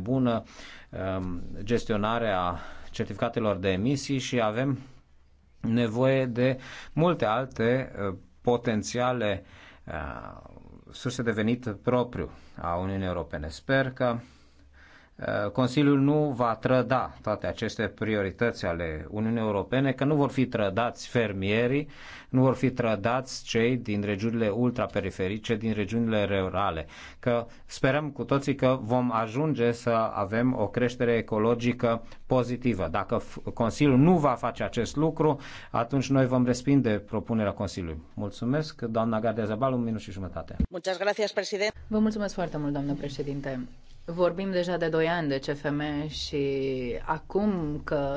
bună um, gestionare a certificatelor de emisii și avem nevoie de multe alte uh, potențiale uh, surse de venit propriu a Uniunii Europene. Sper că Uh, Consiliul nu va trăda toate aceste priorități ale Uniunii Europene, că nu vor fi trădați fermierii, nu vor fi trădați cei din regiunile ultraperiferice, din regiunile rurale, că sperăm cu toții că vom ajunge să avem o creștere ecologică pozitivă. Dacă Consiliul nu va face acest lucru, atunci noi vom respinde propunerea Consiliului. Mulțumesc, doamna Gardia Zabal, un minut și jumătate. Vă mulțumesc foarte mult, doamnă președinte. Vorbim deja de 2 ani de CFM și acum că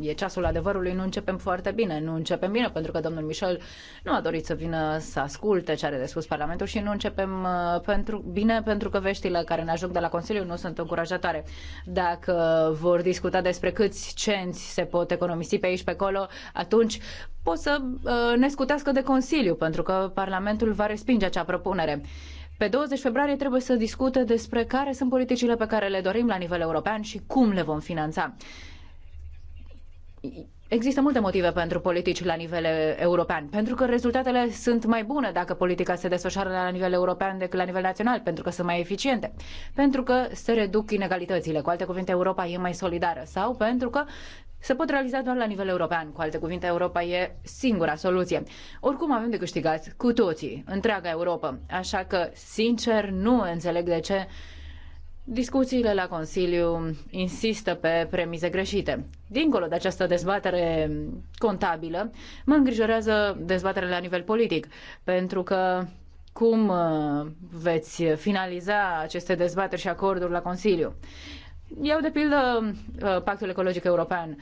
e ceasul adevărului, nu începem foarte bine. Nu începem bine pentru că domnul Michel nu a dorit să vină să asculte ce are de spus Parlamentul și nu începem uh, pentru, bine pentru că veștile care ne ajung de la Consiliu nu sunt încurajatoare. Dacă vor discuta despre câți cenți se pot economisi pe aici, pe acolo, atunci pot să uh, ne scutească de Consiliu pentru că Parlamentul va respinge acea propunere. Pe 20 februarie trebuie să discute despre care sunt politicile pe care le dorim la nivel european și cum le vom finanța. Există multe motive pentru politici la nivel european, pentru că rezultatele sunt mai bune dacă politica se desfășoară la nivel european decât la nivel național, pentru că sunt mai eficiente, pentru că se reduc inegalitățile, cu alte cuvinte Europa e mai solidară sau pentru că se pot realiza doar la nivel european. Cu alte cuvinte, Europa e singura soluție. Oricum avem de câștigat cu toții, întreaga Europa. Așa că, sincer, nu înțeleg de ce discuțiile la Consiliu insistă pe premize greșite. Dincolo de această dezbatere contabilă, mă îngrijorează dezbaterea la nivel politic, pentru că cum uh, veți finaliza aceste dezbateri și acorduri la Consiliu. Iau de pildă uh, Pactul Ecologic European.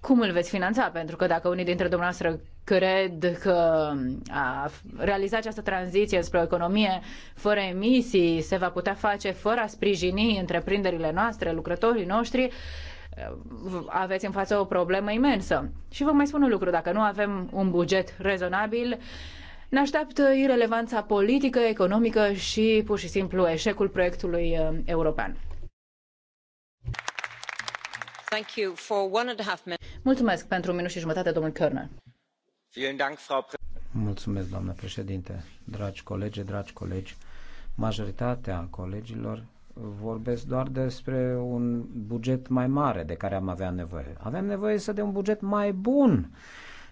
Cum îl veți finanța? Pentru că dacă unii dintre dumneavoastră cred că um, a realiza această tranziție spre o economie fără emisii se va putea face fără a sprijini întreprinderile noastre, lucrătorii noștri, uh, aveți în față o problemă imensă. Și vă mai spun un lucru, dacă nu avem un buget rezonabil, ne așteaptă irelevanța politică, economică și pur și simplu eșecul proiectului uh, european pentru domnul Körner. doamnă președinte, dragi colegi, dragi colegi. Majoritatea colegilor vorbesc doar despre un buget mai mare de care am avea nevoie. Avem nevoie să de un buget mai bun.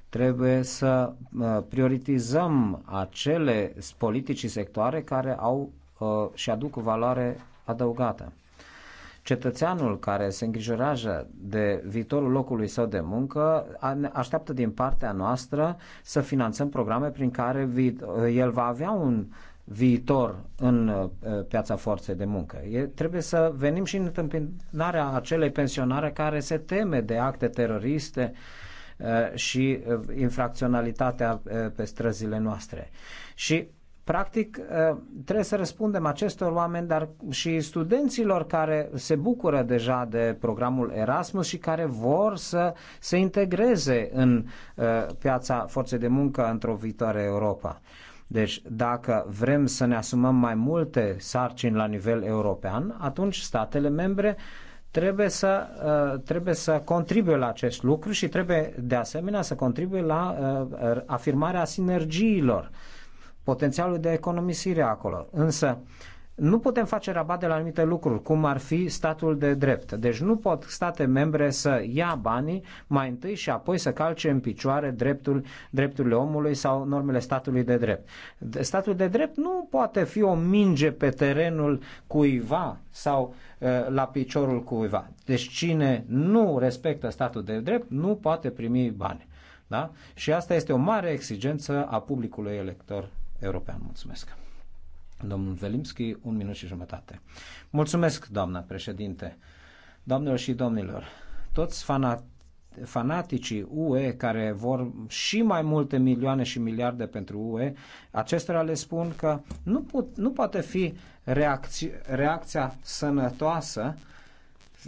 Trebuie să uh, prioritizăm acele politici și sectoare care au uh, și aduc valoare adăugată. Cetățeanul care se îngrijorează de viitorul locului său de muncă așteaptă din partea noastră să finanțăm programe prin care el va avea un viitor în uh, piața forței de muncă. E, trebuie să venim și în întâmpinarea acelei pensionare care se teme de acte teroriste uh, și uh, infracționalitatea pe străzile noastre. Și Practic, uh, trebuie să răspundem acestor oameni, dar și studenților care se bucură deja de programul Erasmus și care vor să se integreze în uh, piața forței de muncă într-o viitoare Europa. Deci, dacă vrem să ne asumăm mai multe sarcini la nivel european, atunci statele membre trebuie să, uh, trebuie să contribuie la acest lucru și trebuie, de asemenea, să contribuie la afirmarea sinergiilor potențialul de economisire acolo. Însă, nu putem face rabat de la anumite lucruri, cum ar fi statul de drept. Deci nu pot state membre să ia banii mai întâi și apoi să calce în picioare dreptul, drepturile omului sau normele statului de drept. Statul de drept nu poate fi o minge pe terenul cuiva sau uh, la piciorul cuiva. Deci cine nu respectă statul de drept nu poate primi bani. Da? Și asta este o mare exigență a publicului elector european. Mulțumesc. Domnul Velimski, un minut și jumătate. Mulțumesc, doamna președinte. Doamnelor și domnilor, toți fanat fanaticii UE care vor și mai multe milioane și miliarde pentru UE, acestora le spun că nu, put, nu poate fi reacți, reacția sănătoasă uh,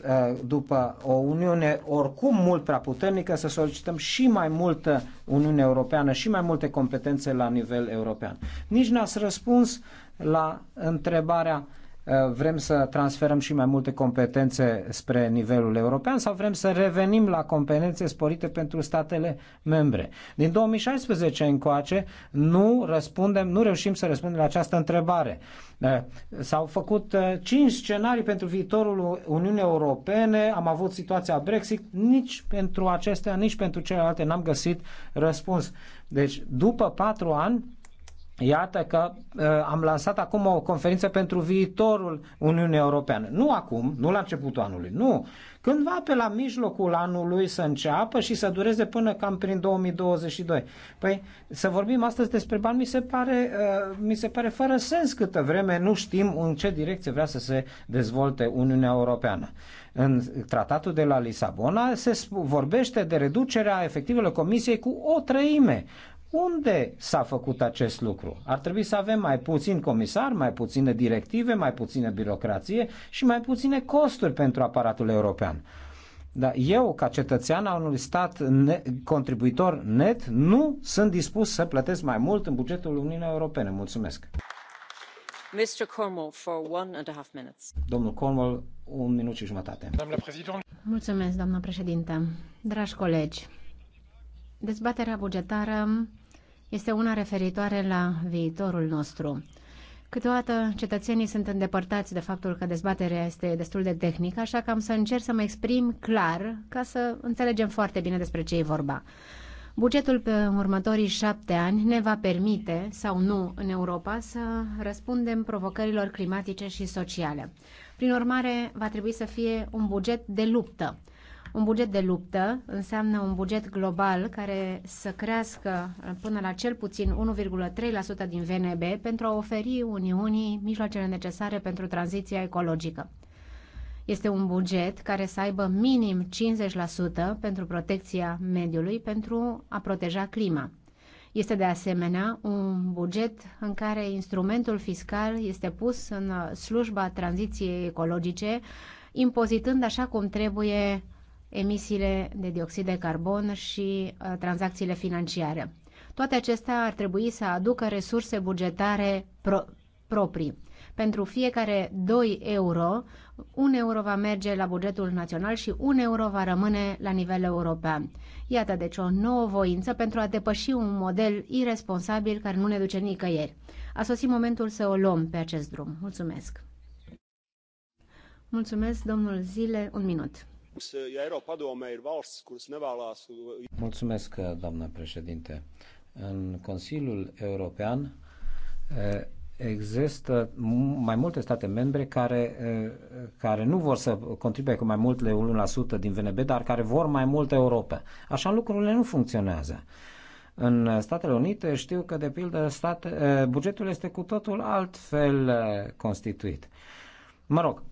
Eh, după o Uniune oricum mult prea puternică, să solicităm și mai multă Uniune Europeană și mai multe competențe la nivel european. Nici n-ați răspuns la întrebarea Eh, vrem să transferăm și mai multe competențe spre nivelul european sau vrem să revenim la competențe sporite pentru statele membre? Din 2016 încoace nu răspundem, nu reușim să răspundem la această întrebare. Eh, s-au făcut eh, cinci scenarii pentru viitorul Uniunii Europene, am avut situația Brexit, nici pentru acestea, nici pentru celelalte n-am găsit răspuns. Deci, după patru ani, Iată că uh, am lansat acum o conferință pentru viitorul Uniunii Europeană. Nu acum, nu la începutul anului, nu. Cândva pe la mijlocul anului să înceapă și să dureze până cam prin 2022. Păi să vorbim astăzi despre bani mi se pare, uh, mi se pare fără sens câtă vreme nu știm în ce direcție vrea să se dezvolte Uniunea Europeană. În tratatul de la Lisabona se vorbește de reducerea efectivelor comisiei cu o treime. Unde s-a făcut acest lucru? Ar trebui să avem mai puțin comisar, mai puține directive, mai puține birocrație și mai puține costuri pentru aparatul european. Dar eu, ca cetățean al unui stat ne- contribuitor net, nu sunt dispus să plătesc mai mult în bugetul Uniunii Europene. Mulțumesc. Mr. Cornwall, for one and a half minutes. Domnul Cornwall, un minut și jumătate. Mulțumesc, doamnă președintă. Dragi colegi, dezbaterea bugetară este una referitoare la viitorul nostru. Câteodată cetățenii sunt îndepărtați de faptul că dezbaterea este destul de tehnică, așa că am să încerc să mă exprim clar ca să înțelegem foarte bine despre ce e vorba. Bugetul pe următorii șapte ani ne va permite, sau nu, în Europa să răspundem provocărilor climatice și sociale. Prin urmare, va trebui să fie un buget de luptă. Un buget de luptă înseamnă un buget global care să crească până la cel puțin 1,3% din VNB pentru a oferi Uniunii mijloacele necesare pentru tranziția ecologică. Este un buget care să aibă minim 50% pentru protecția mediului pentru a proteja clima. Este de asemenea un buget în care instrumentul fiscal este pus în slujba tranziției ecologice, impozitând așa cum trebuie emisiile de dioxid de carbon și uh, tranzacțiile financiare. Toate acestea ar trebui să aducă resurse bugetare pro- proprii. Pentru fiecare 2 euro, 1 euro va merge la bugetul național și 1 euro va rămâne la nivel european. Iată deci o nouă voință pentru a depăși un model irresponsabil care nu ne duce nicăieri. A sosit momentul să o luăm pe acest drum. Mulțumesc! Mulțumesc, domnul Zile, un minut. Mulțumesc, doamnă președinte. În Consiliul European există mai multe state membre care, care nu vor să contribuie cu mai mult de 1% din VNB, dar care vor mai multă Europa. Așa lucrurile nu funcționează. În Statele Unite știu că, de pildă, state, bugetul este cu totul altfel constituit. Mă rog,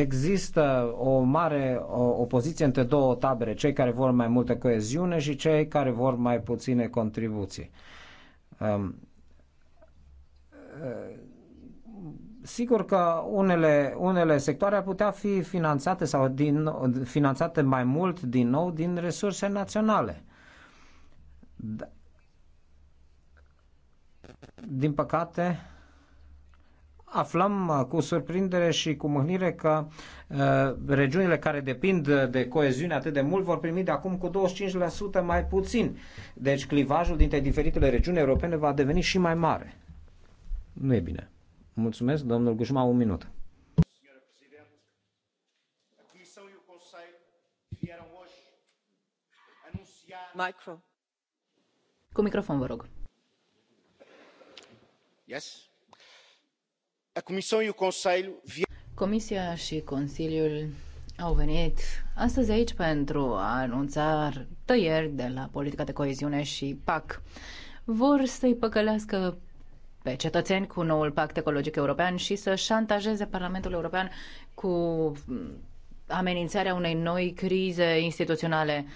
există o mare opoziție între două tabere, cei care vor mai multă coeziune și cei care vor mai puține contribuții. Ehm, sigur că unele, unele sectoare ar putea fi finanțate sau din, finanțate mai mult din nou din resurse naționale. Da. Din păcate, aflăm uh, cu surprindere și cu mâhnire că uh, regiunile care depind de coeziune atât de mult vor primi de acum cu 25% mai puțin. Deci clivajul dintre diferitele regiuni europene va deveni și mai mare. Nu e bine. Mulțumesc, domnul Gușma, un minut. Micro. Cu microfon, vă rog. Yes. Comisia și Consiliul au venit astăzi aici pentru a anunța tăieri de la politica de coeziune și PAC. Vor să-i păcălească pe cetățeni cu noul pact ecologic european și să șantajeze Parlamentul European cu amenințarea unei noi crize instituționale.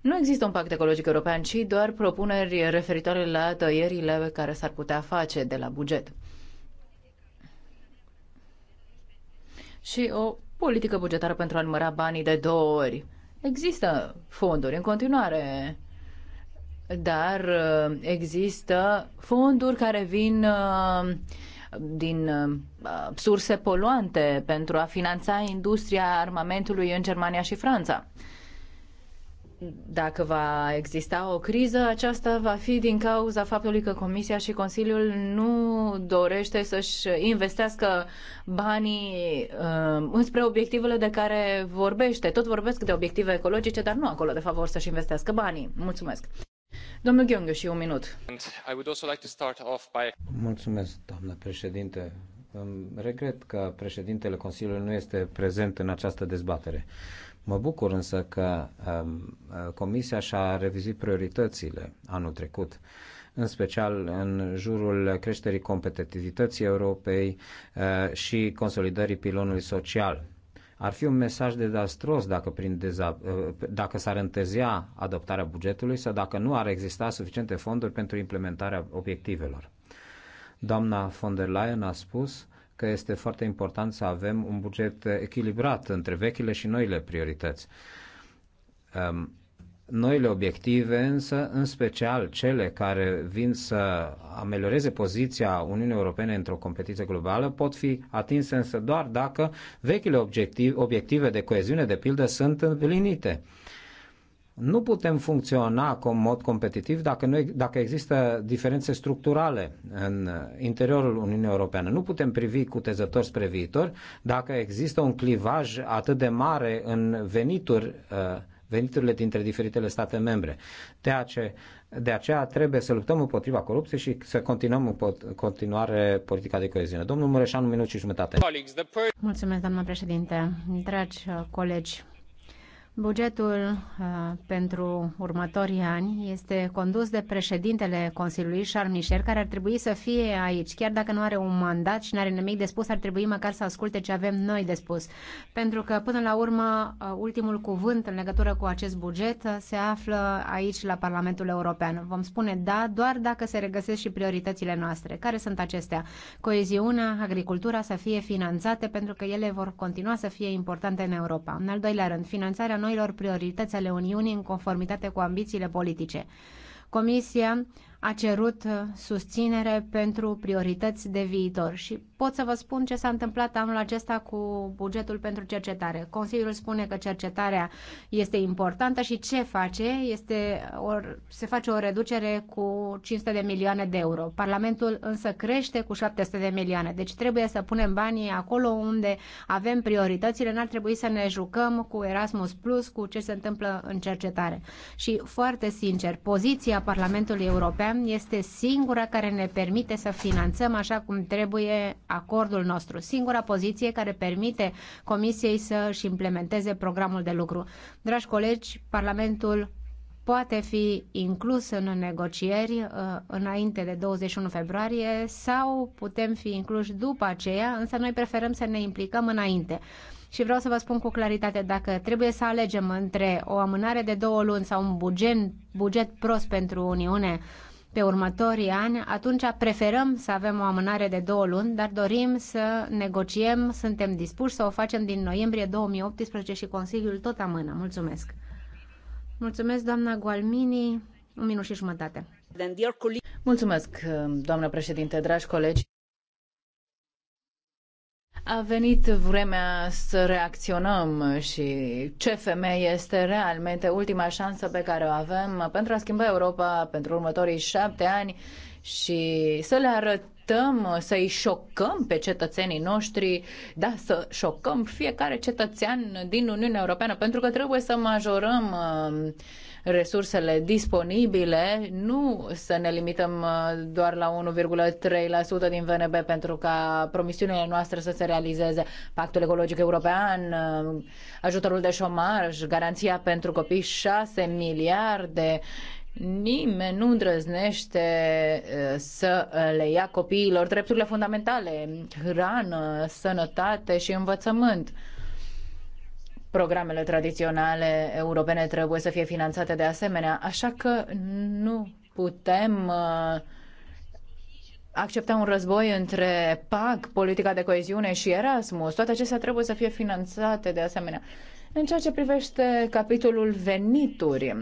Nu există un pact ecologic european, ci doar propuneri referitoare la tăierile care s-ar putea face de la buget. și o politică bugetară pentru a număra banii de două ori. Există fonduri în continuare, dar uh, există fonduri care vin uh, din uh, surse poluante pentru a finanța industria armamentului în Germania și Franța dacă va exista o criză, aceasta va fi din cauza faptului că Comisia și Consiliul nu dorește să-și investească banii uh, înspre obiectivele de care vorbește. Tot vorbesc de obiective ecologice, dar nu acolo, de fapt, vor să-și investească banii. Mulțumesc. Domnul Gheonghiu, și un minut. Mulțumesc, doamnă președinte. Regret că președintele Consiliului nu este prezent în această dezbatere. Mă bucur însă că um, Comisia și-a revizit prioritățile anul trecut, în special în jurul creșterii competitivității Europei uh, și consolidării pilonului social. Ar fi un mesaj dezastros dacă, deza, uh, dacă s-ar întârzia adoptarea bugetului sau dacă nu ar exista suficiente fonduri pentru implementarea obiectivelor. Doamna von der Leyen a spus că este foarte important să avem un buget echilibrat între vechile și noile priorități. Um, noile obiective, însă, în special cele care vin să amelioreze poziția Uniunii Europene într-o competiție globală, pot fi atinse însă doar dacă vechile obiective de coeziune, de pildă, sunt împlinite. Uh, nu putem funcționa cu un mod competitiv dacă, nu, dacă există diferențe structurale în uh, interiorul Uniunii Europene. Nu putem privi cu tezător spre viitor dacă există un clivaj atât de mare în venituri, uh, veniturile dintre diferitele state membre. De aceea, de aceea trebuie să luptăm împotriva corupției și să continuăm în continuare politica de coeziune. Domnul Mureșan, un minut și jumătate. Mulțumesc, doamnă președinte. Dragi uh, colegi, Bugetul uh, pentru următorii ani este condus de președintele Consiliului Charles Michel, care ar trebui să fie aici. Chiar dacă nu are un mandat și nu are nimic de spus, ar trebui măcar să asculte ce avem noi de spus. Pentru că, până la urmă, uh, ultimul cuvânt în legătură cu acest buget uh, se află aici, la Parlamentul European. Vom spune da doar dacă se regăsesc și prioritățile noastre. Care sunt acestea? Coeziunea, agricultura să fie finanțate pentru că ele vor continua să fie importante în Europa. În al doilea rând, finanțarea noilor priorități ale Uniunii în conformitate cu ambițiile politice. Comisia a cerut uh, susținere pentru priorități de viitor și pot să vă spun ce s-a întâmplat anul acesta cu bugetul pentru cercetare. Consiliul spune că cercetarea este importantă și ce face? Este or, se face o reducere cu 500 de milioane de euro. Parlamentul însă crește cu 700 de milioane. Deci trebuie să punem banii acolo unde avem prioritățile. N-ar trebui să ne jucăm cu Erasmus Plus, cu ce se întâmplă în cercetare. Și foarte sincer, poziția Parlamentului European este singura care ne permite să finanțăm așa cum trebuie acordul nostru, singura poziție care permite Comisiei să își implementeze programul de lucru. Dragi colegi, Parlamentul poate fi inclus în negocieri uh, înainte de 21 februarie sau putem fi incluși după aceea, însă noi preferăm să ne implicăm înainte. Și vreau să vă spun cu claritate, dacă trebuie să alegem între o amânare de două luni sau un buget, buget prost pentru Uniune, uh, pe următorii ani, atunci preferăm să avem o amânare de două luni, dar dorim să negociem, suntem dispuși să o facem din noiembrie 2018 și Consiliul tot amână. Mulțumesc! Mulțumesc, doamna Gualmini. Un minut și jumătate. Mulțumesc, doamnă președinte, dragi colegi. A venit vremea să reacționăm și CFM este realmente ultima șansă pe care o avem pentru a schimba Europa pentru următorii șapte ani și să le arătăm, să-i șocăm pe cetățenii noștri, da, să șocăm fiecare cetățean din Uniunea Europeană, pentru că trebuie să majorăm uh, resursele disponibile, nu să ne limităm uh, doar la 1,3% din VNB pentru ca promisiunile noastre să se realizeze. Pactul ecologic european, uh, ajutorul de șomaj, garanția pentru copii 6 miliarde Nimeni nu îndrăznește uh, să le ia copiilor drepturile fundamentale, hrană, sănătate și învățământ. Programele tradiționale europene trebuie să fie finanțate de asemenea, așa că nu putem uh, accepta un război între PAC, politica de coeziune și Erasmus. Toate acestea trebuie să fie finanțate de asemenea. În ceea ce privește capitolul venituri,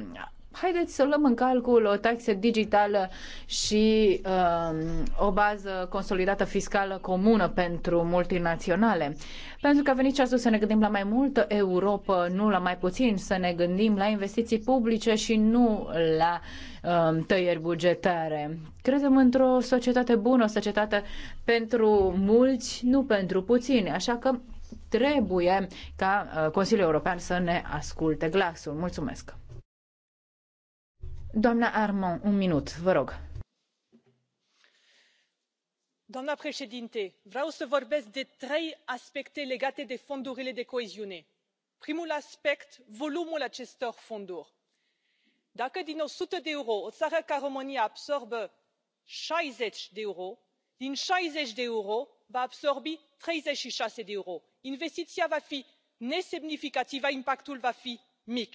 haideți să luăm în calcul o taxă digitală și um, o bază consolidată fiscală comună pentru multinaționale. Pentru că a venit ceasul să ne gândim la mai multă Europa, nu la mai puțin, să ne gândim la investiții publice și nu la um, tăieri bugetare. Credem într-o societate bună, o societate pentru mulți, nu pentru puțini. Așa că trebuie ca uh, Consiliul European să ne asculte glasul. Mulțumesc! Doamna Armand, un minut, vă rog. Doamna președinte, vreau să vorbesc de trei aspecte legate de fondurile de coeziune. Primul aspect, volumul acestor fonduri. Dacă din 100 de euro o țară ca România absorbă 60 de euro, din 60 de euro va absorbi 36 de euro. Investiția va fi nesemnificativă, impactul va fi mic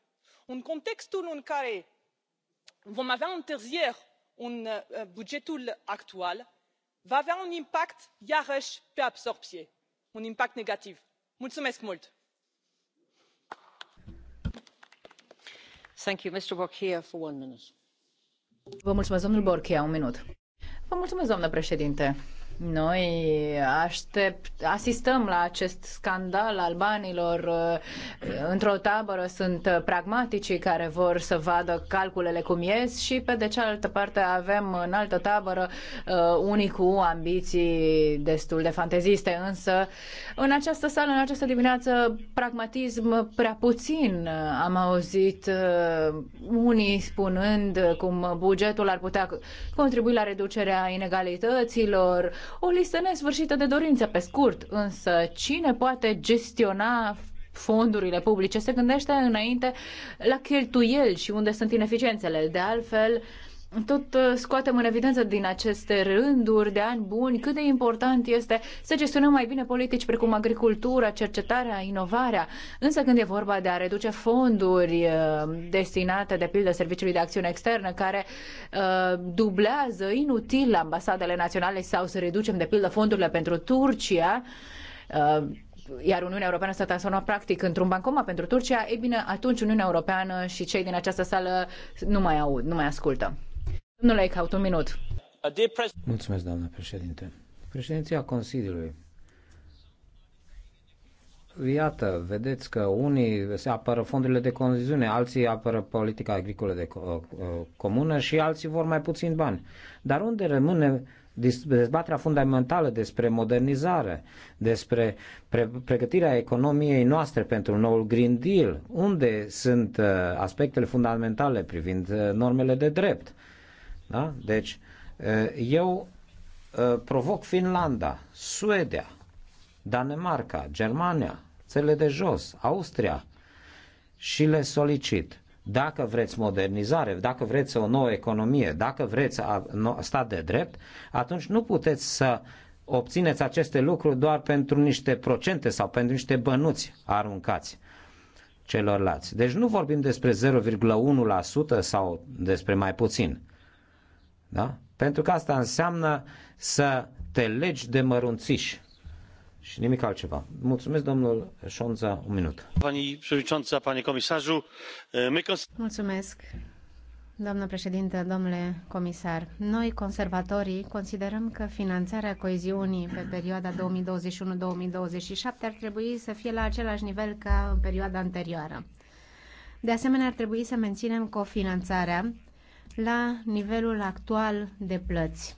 în contextul în care vom avea întârzieri în uh, bugetul actual va avea un impact iarăși pe absorbție un impact negativ. mulțumesc mult! doamnă președintă noi aștept, asistăm la acest scandal al banilor. Într-o tabără sunt pragmaticii care vor să vadă calculele cum ies și pe de cealaltă parte avem în altă tabără uh, unii cu ambiții destul de fanteziste, însă în această sală, în această dimineață, pragmatism prea puțin. Am auzit uh, unii spunând cum bugetul ar putea contribui la reducerea inegalităților, o listă nesfârșită de dorințe, pe scurt, însă cine poate gestiona fondurile publice se gândește înainte la cheltuieli și unde sunt ineficiențele. De altfel, uh, tot uh, scoatem în evidență din aceste rânduri de ani buni cât de important este să gestionăm mai bine politici precum agricultura, cercetarea, inovarea. Însă când e vorba de a reduce fonduri uh, destinate de pildă Serviciului de Acțiune Externă care uh, dublează inutil ambasadele naționale sau să reducem de pildă fondurile pentru Turcia, uh, iar Uniunea Europeană s-a transformat practic într-un bancoma pentru Turcia, e bine, atunci Uniunea Europeană și cei din această sală nu mai aud, nu mai ascultă doamnă președinte. Președinția Consiliului. Iată, vedeți că unii se apără fondurile de coziune, alții apără politica agricolă de uh, uh, comună și alții vor mai puțin bani. Dar unde rămâne dezbaterea fundamentală despre modernizare, despre pre- pregătirea economiei noastre pentru noul Green Deal, unde sunt uh, aspectele fundamentale privind normele de drept. Da? Deci, eu provoc Finlanda, Suedia, Danemarca, Germania, țările de jos, Austria și le solicit dacă vreți modernizare, dacă vreți o nouă economie, dacă vreți stat de drept, atunci nu puteți să obțineți aceste lucruri doar pentru niște procente sau pentru niște bănuți aruncați celorlalți. Deci nu vorbim despre 0,1% sau despre mai puțin. Da? Pentru că asta înseamnă să te legi de mărunțiși și nimic altceva. Mulțumesc, domnul Șonza, un minut. Pani președinte, pani comisarul, Mulțumesc. Doamnă președinte, domnule comisar, noi conservatorii considerăm că finanțarea coeziunii pe perioada 2021-2027 ar trebui să fie la același nivel ca în perioada anterioară. De asemenea, ar trebui să menținem cofinanțarea la nivelul actual de plăți.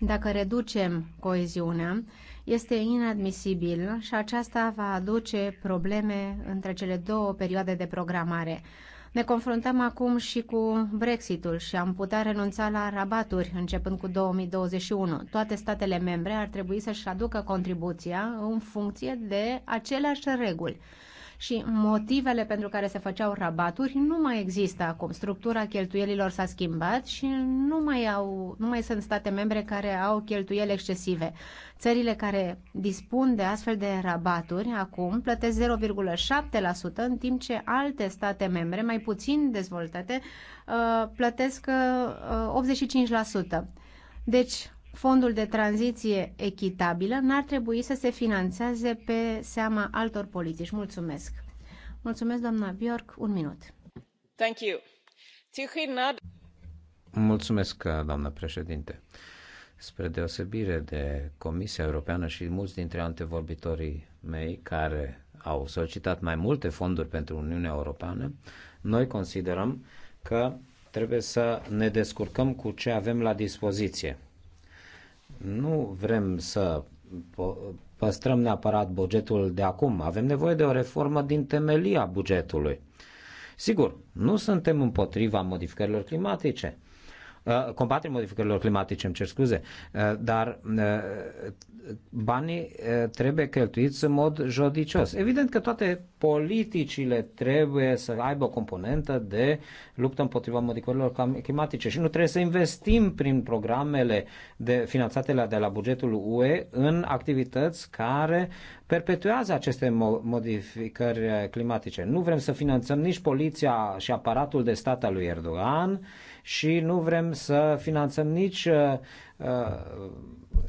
Dacă reducem coeziunea, este inadmisibil și aceasta va aduce probleme între cele două perioade de programare. Ne confruntăm acum și cu Brexitul și am putea renunța la rabaturi începând cu 2021. Toate statele membre ar trebui să-și aducă contribuția în funcție de aceleași reguli și motivele pentru care se făceau rabaturi nu mai există acum. Structura cheltuielilor s-a schimbat și nu mai, au, nu mai sunt state membre care au cheltuieli excesive. Țările care dispun de astfel de rabaturi acum plătesc 0,7%, în timp ce alte state membre, mai puțin dezvoltate, uh, plătesc 85%. Uh, deci, fondul de tranziție echitabilă n-ar trebui să se finanțeze pe seama altor politici. Mulțumesc. Mulțumesc, doamna Bjork. Un minut. Thank you. Mulțumesc, doamnă președinte. Spre deosebire de Comisia Europeană și mulți dintre antevorbitorii mei care au solicitat mai multe fonduri pentru Uniunea Europeană, noi considerăm că trebuie să ne descurcăm cu ce avem la dispoziție nu vrem să păstrăm neapărat bugetul de acum. Avem nevoie de o reformă din temelia bugetului. Sigur, nu suntem împotriva modificărilor climatice, Uh, combaterii modificărilor climatice, îmi cer scuze, uh, dar uh, banii trebuie cheltuiți în mod jodicios. Evident că toate politicile trebuie să aibă o componentă de luptă împotriva modificărilor climatice și nu trebuie să investim prin programele de, finanțatele de la bugetul UE în activități care perpetuează aceste modificări climatice. Nu vrem să finanțăm nici poliția și aparatul de stat al lui Erdogan, și nu vrem să finanțăm nici uh, uh,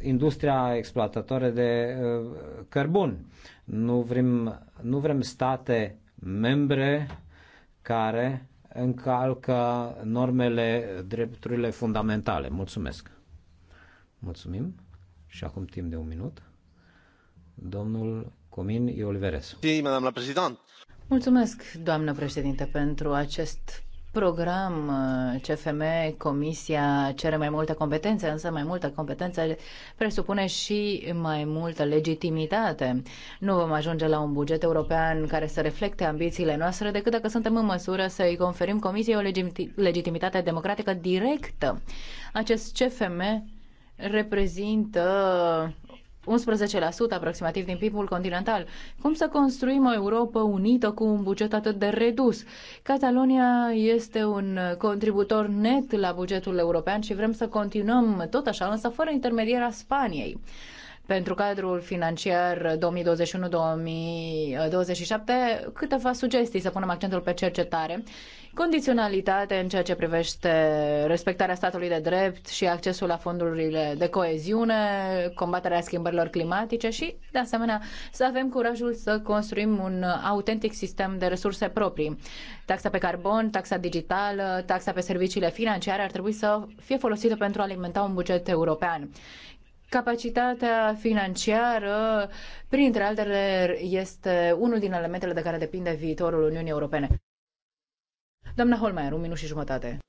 industria exploatatoare de uh, cărbun. Nu vrem, nu vrem state membre care încalcă normele, drepturile fundamentale. Mulțumesc! Mulțumim! Și acum timp de un minut. Domnul Comin Ioliveres. Mulțumesc, doamnă președinte, pentru acest program uh, CFM, Comisia cere mai multă competență, însă mai multă competență presupune și mai multă legitimitate. Nu vom ajunge la un buget european care să reflecte ambițiile noastre decât dacă suntem în măsură să îi conferim Comisiei o legitimitate democratică directă. Acest CFM reprezintă 11% aproximativ din PIB-ul continental. Cum să construim o Europa unită cu un buget atât de redus? Catalonia este un contributor net la bugetul european și vrem să continuăm tot așa, însă fără intermedierea Spaniei pentru cadrul financiar 2021-2027 câteva sugestii să punem accentul pe cercetare, condiționalitate în ceea ce privește respectarea statului de drept și accesul la fondurile de coeziune, combaterea schimbărilor climatice și, de asemenea, să avem curajul să construim un autentic sistem de resurse proprii. Taxa pe carbon, taxa digitală, taxa pe serviciile financiare ar trebui să fie folosită pentru a alimenta un buget european. Capacitatea financiară, printre altele, este unul din elementele de care depinde viitorul Uniunii Europene. Doamna Holmeier, un minut și jumătate.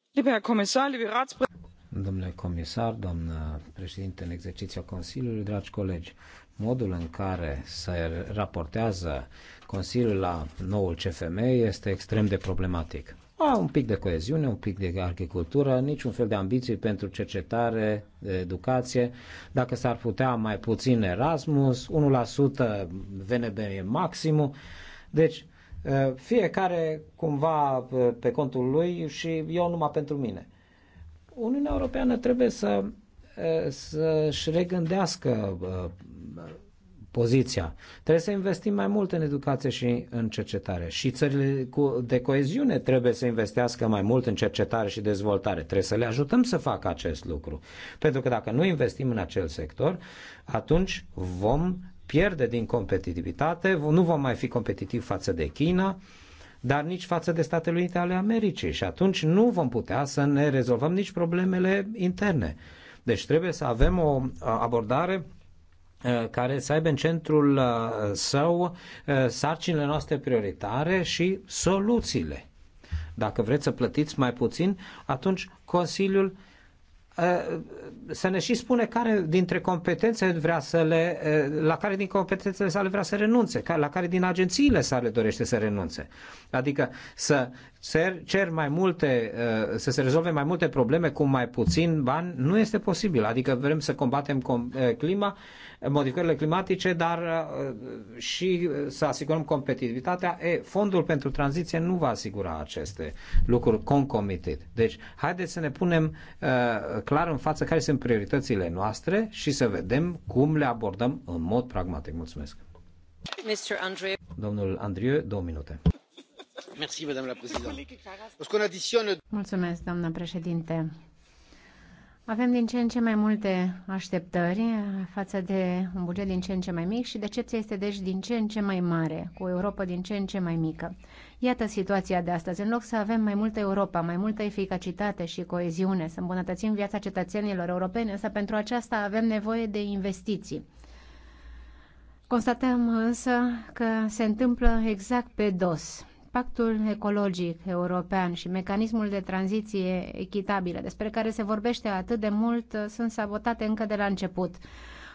Domnule comisar, doamnă președinte în exercițiu Consiliului, dragi colegi, modul în care se raportează Consiliul la noul CFM este extrem de problematic. A, un pic de coeziune, un pic de agricultură, niciun fel de ambiții pentru cercetare, educație. Dacă s-ar putea mai puțin Erasmus, 1% VNB e maximul. Deci, fiecare cumva pe contul lui și eu numai pentru mine. Uniunea Europeană trebuie să să-și regândească poziția. Trebuie să investim mai mult în educație și în cercetare. Și țările de coeziune trebuie să investească mai mult în cercetare și dezvoltare. Trebuie să le ajutăm să facă acest lucru. Pentru că dacă nu investim în acel sector, atunci vom pierde din competitivitate, nu vom mai fi competitivi față de China, dar nici față de Statele Unite ale Americii și atunci nu vom putea să ne rezolvăm nici problemele interne. Deci trebuie să avem o abordare Eh, care să aibă în centrul eh, său eh, sarcinile noastre prioritare și soluțiile. Dacă vreți să plătiți mai puțin, atunci Consiliul să ne și spune care dintre competențe vrea să le, la care din competențele sale vrea să renunțe, la care din agențiile sale dorește să renunțe. Adică să cer mai multe, uh, să se rezolve mai multe probleme cu mai puțin bani, nu este posibil. Adică vrem să combatem uh, clima, modificările climatice, dar uh, și să asigurăm competitivitatea. E, fondul pentru tranziție nu va asigura aceste lucruri concomitent. Deci, haideți să ne punem clar în față care sunt prioritățile noastre și să vedem cum le abordăm în mod pragmatic. Mulțumesc! Mr. Domnul Andrieu, două minute Mulțumesc, doamnă președinte. Avem din ce în ce mai multe așteptări față de un buget din ce în ce mai mic și decepția este deci din ce în ce mai mare, cu Europa din ce în ce mai mică. Iată situația de astăzi. În loc să avem mai multă Europa, mai multă eficacitate și coeziune, să îmbunătățim viața cetățenilor europene, însă pentru aceasta avem nevoie de investiții. Constatăm însă că se întâmplă exact pe dos Pactul ecologic european și mecanismul de tranziție echitabilă, despre care se vorbește atât de mult, sunt sabotate încă de la început.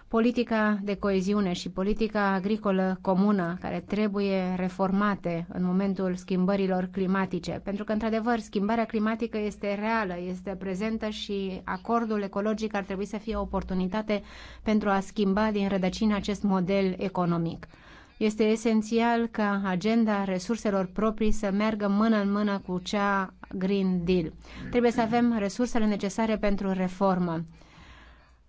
Politica de coeziune și politica agricolă comună, care trebuie reformate în momentul schimbărilor climatice, pentru că, într-adevăr, schimbarea climatică este reală, este prezentă și acordul ecologic ar trebui să fie o oportunitate pentru a schimba din rădăcină acest model economic. Este esențial ca agenda resurselor proprii să meargă mână în mână cu cea Green Deal. Trebuie să avem resursele necesare pentru reformă.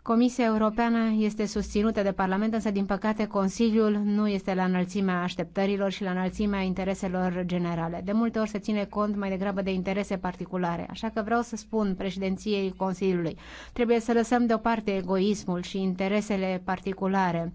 Comisia Europeană este susținută de Parlament, însă, din păcate, Consiliul nu este la înălțimea așteptărilor și la înălțimea intereselor generale. De multe ori se ține cont mai degrabă de interese particulare. Așa că vreau să spun președinției Consiliului, trebuie să lăsăm deoparte egoismul și interesele particulare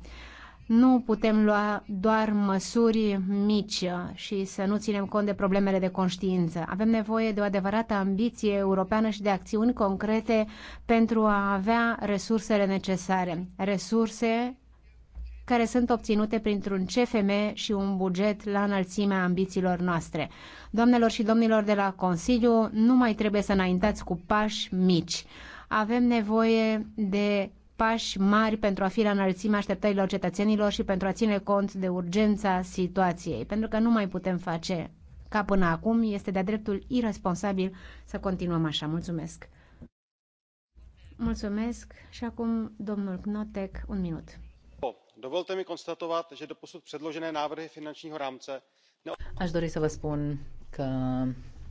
nu putem lua doar măsuri mici și să nu ținem cont de problemele de conștiință. Avem nevoie de o adevărată ambiție europeană și de acțiuni concrete pentru a avea resursele necesare. Resurse care sunt obținute printr-un CFM și un buget la înălțimea ambițiilor noastre. Doamnelor și domnilor de la Consiliu, nu mai trebuie să înaintați cu pași mici. Avem nevoie de pași mari pentru a fi la înălțimea așteptărilor cetățenilor și pentru a ține cont de urgența situației, pentru că nu mai putem face ca până acum, este de-a dreptul irresponsabil să continuăm așa. Mulțumesc! Mulțumesc și acum domnul Knotek, un minut. Dovolte mi constatovat, že doposud předložené návrhy finančního rámce Aș dori să vă spun că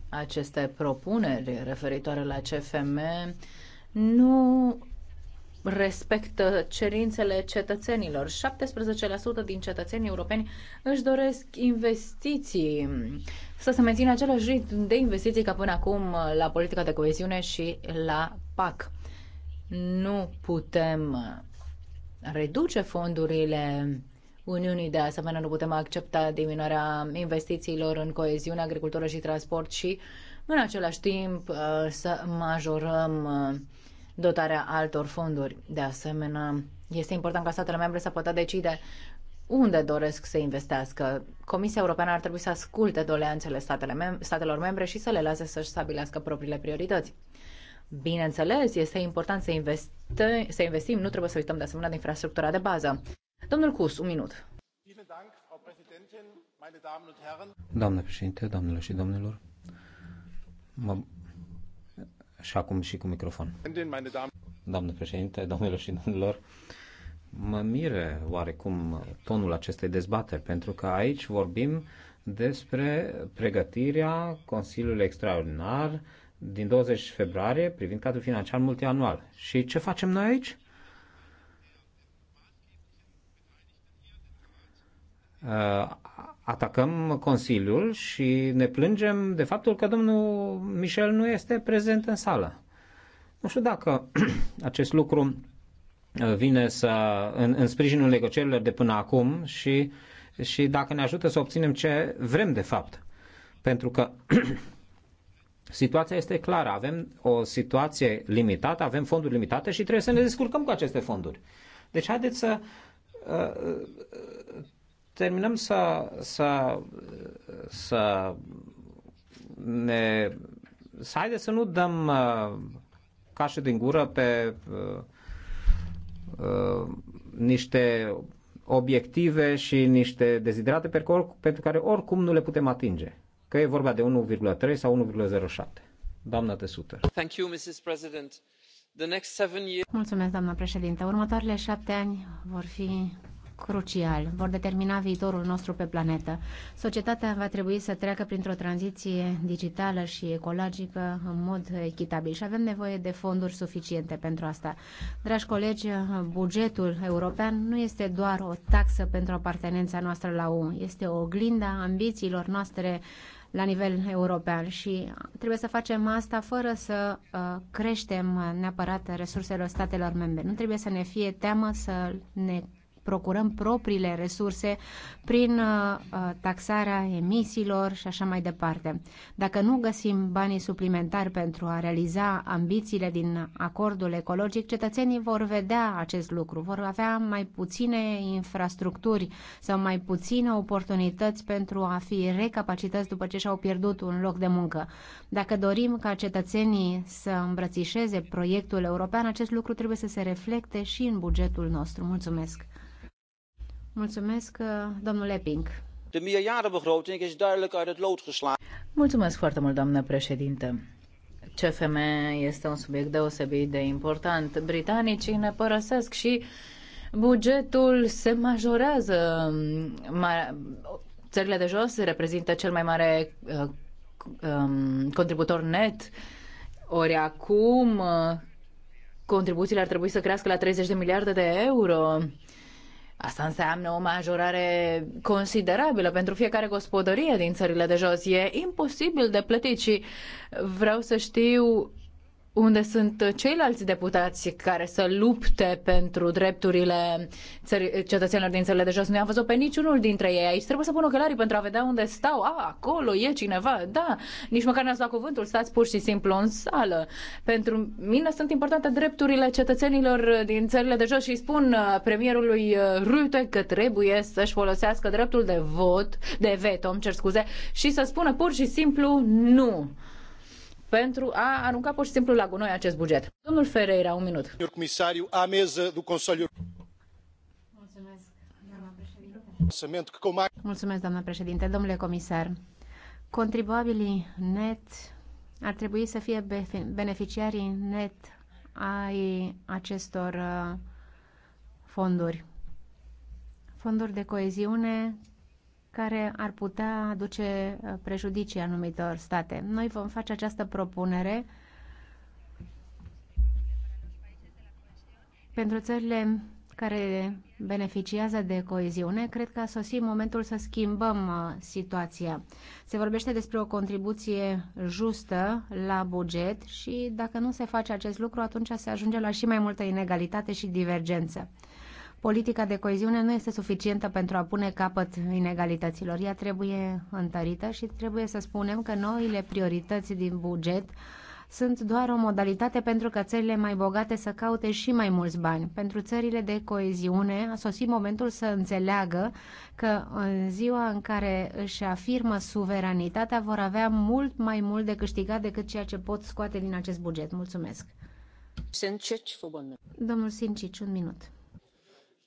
aceste propuneri referitoare la CFM nu respectă cerințele cetățenilor. 17% din cetățenii europeni își doresc investiții, să se mențină același ritm de investiții ca până acum la politica de coeziune și la PAC. Nu putem reduce fondurile Uniunii, de asemenea nu putem accepta diminuarea investițiilor în coeziune, agricultură și transport și în același timp să majorăm dotarea altor fonduri. De asemenea, este important ca statele membre să poată decide unde doresc să investească. Comisia Europeană ar trebui să asculte doleanțele statele mem- statelor membre și să le lase să-și stabilească propriile priorități. Bineînțeles, este important să, investe- să investim, nu trebuie să uităm de asemenea de infrastructura de bază. Domnul Cus, un minut. Doamne președinte, doamnelor și domnilor, mă și acum și cu microfon. Doamne președinte, domnilor și domnilor, mă mire oarecum tonul acestei dezbateri, pentru că aici vorbim despre pregătirea Consiliului Extraordinar din 20 februarie privind cadrul financiar multianual. Și ce facem noi aici? Uh, atacăm Consiliul și ne plângem de faptul că domnul Michel nu este prezent în sală. Nu știu dacă acest lucru uh, vine să, în, în sprijinul negocierilor de până acum și, și dacă ne ajută să obținem ce vrem de fapt. Pentru că situația este clară. Avem o situație limitată, avem fonduri limitate și trebuie să ne descurcăm cu aceste fonduri. Deci haideți să uh, uh, terminăm să, să, să ne... Să haide să nu dăm uh, cașe din gură pe uh, uh, niște obiective și niște deziderate pentru care oricum nu le putem atinge. Că e vorba de 1,3 sau 1,07. Doamna de Suter. Thank you, Mrs. President. The next seven years... Mulțumesc, doamna președinte. Următoarele șapte ani vor fi crucial, vor determina viitorul nostru pe planetă. Societatea va trebui să treacă printr-o tranziție digitală și ecologică în mod echitabil și avem nevoie de fonduri suficiente pentru asta. Dragi colegi, bugetul european nu este doar o taxă pentru apartenența noastră la UE, este o oglinda ambițiilor noastre la nivel european și trebuie să facem asta fără să uh, creștem neapărat resursele statelor membre. Nu trebuie să ne fie teamă să ne procurăm propriile resurse prin uh, uh, taxarea emisiilor și așa mai departe. Dacă nu găsim banii suplimentari pentru a realiza ambițiile din acordul ecologic, cetățenii vor vedea acest lucru, vor avea mai puține infrastructuri sau mai puține oportunități pentru a fi recapacități după ce și-au pierdut un loc de muncă. Dacă dorim ca cetățenii să îmbrățișeze proiectul european, acest lucru trebuie să se reflecte și în bugetul nostru. Mulțumesc! Mulțumesc, uh, domnule Pink. De meerjarenbegroting is duidelijk uit het lood geslagen. Mulțumesc foarte mult, doamnă președinte. CFM este un subiect deosebit de important. Britanicii ne părăsesc și bugetul se majorează. Țările de jos reprezintă cel mai mare uh, um, contributor net. Ori acum uh, contribuțiile ar trebui să crească la 30 de miliarde de euro. Asta înseamnă o majorare considerabilă pentru fiecare gospodărie din țările de jos. E imposibil de plătit și vreau să știu unde sunt ceilalți deputați care să lupte pentru drepturile cetățenilor din țările de jos. Nu i-am văzut pe niciunul dintre ei aici. Trebuie să pun ochelarii pentru a vedea unde stau. A, acolo e cineva. Da, nici măcar n-ați luat cuvântul. Stați pur și simplu în sală. Pentru mine sunt importante drepturile cetățenilor din țările de jos și spun uh, premierului uh, Rute că trebuie să-și folosească dreptul de vot, de veto, îmi cer scuze, și să spună pur și simplu nu pentru a arunca pur și simplu la gunoi acest buget. Domnul Ferreira, un minut. Domnul comisariu, a du Mulțumesc, doamna președinte. Mulțumesc, doamna președinte. Domnule comisar, contribuabilii net ar trebui să fie beneficiarii net ai acestor uh, fonduri. Fonduri de coeziune care ar putea aduce uh, prejudicii anumitor state. Noi vom face această propunere pentru țările care beneficiază de coeziune, cred că a sosit momentul să schimbăm uh, situația. Se vorbește despre o contribuție justă la buget și dacă nu se face acest lucru, atunci se ajunge la și mai multă inegalitate și divergență. Politica de coeziune nu este suficientă pentru a pune capăt inegalităților. Ea trebuie întărită și trebuie să spunem că noile priorități din buget sunt doar o modalitate pentru ca țările mai bogate să caute și mai mulți bani. Pentru țările de coeziune a sosit momentul să înțeleagă că în ziua în care își afirmă suveranitatea vor avea mult mai mult de câștigat decât ceea ce pot scoate din acest buget. Mulțumesc! Domnul Sincici, un minut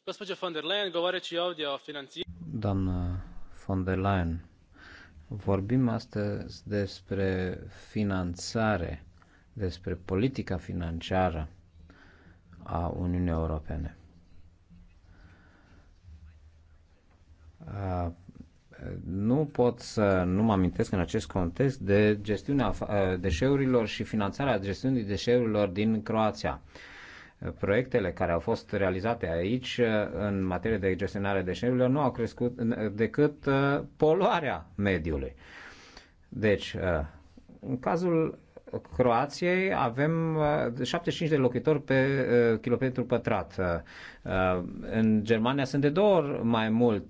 Gospođo von der Leyen, govoreći ovdje o Doamnă von der Leyen, vorbim astăzi despre finanțare, despre politica financiară a Uniunii Europene. nu pot să nu mă amintesc în acest context de gestiunea deșeurilor și finanțarea gestiunii deșeurilor din Croația proiectele care au fost realizate aici uh, în materie de gestionare deșeurilor nu au crescut uh, decât uh, poluarea mediului. Deci, în cazul Croației avem 75 de locuitori pe kilometru pătrat. În Germania sunt de două ori mai mult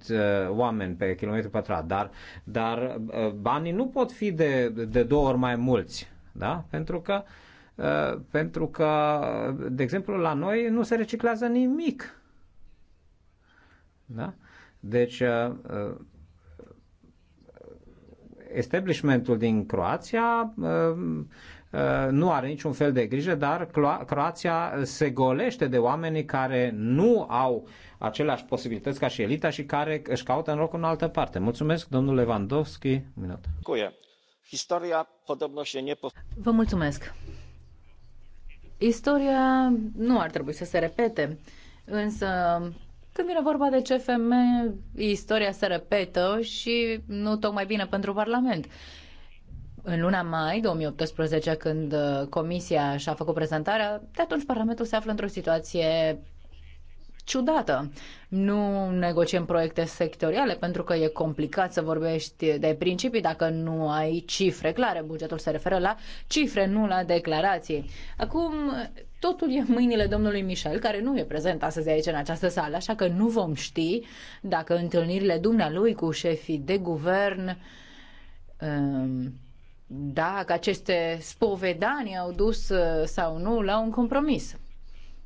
oameni pe kilometru pătrat, dar, dar banii nu pot fi de, de două ori mai mulți, da? pentru că uh, Uh, pentru că, de exemplu, la noi nu se reciclează nimic. Da? Deci, uh, uh, establishmentul din Croația nu are niciun fel de grijă, dar Croația se golește de oamenii care nu au aceleași posibilități ca și elita și care își caută în loc în altă parte. Mulțumesc, domnul Lewandowski. Minut. Vă mulțumesc. Istoria nu ar trebui să se repete, însă când vine vorba de CFM, istoria se repetă și nu tocmai bine pentru Parlament. În luna mai 2018, când uh, Comisia și-a făcut prezentarea, de atunci Parlamentul se află într-o situație ciudată. Nu negociem proiecte sectoriale pentru că e complicat să vorbești de principii dacă nu ai cifre clare. Bugetul se referă la cifre, nu la declarații. Acum, totul e în mâinile domnului Michel, care nu e prezent astăzi aici în această sală, așa că nu vom ști dacă întâlnirile dumnealui cu șefii de guvern um, dacă aceste spovedanii au dus uh, sau nu la un compromis.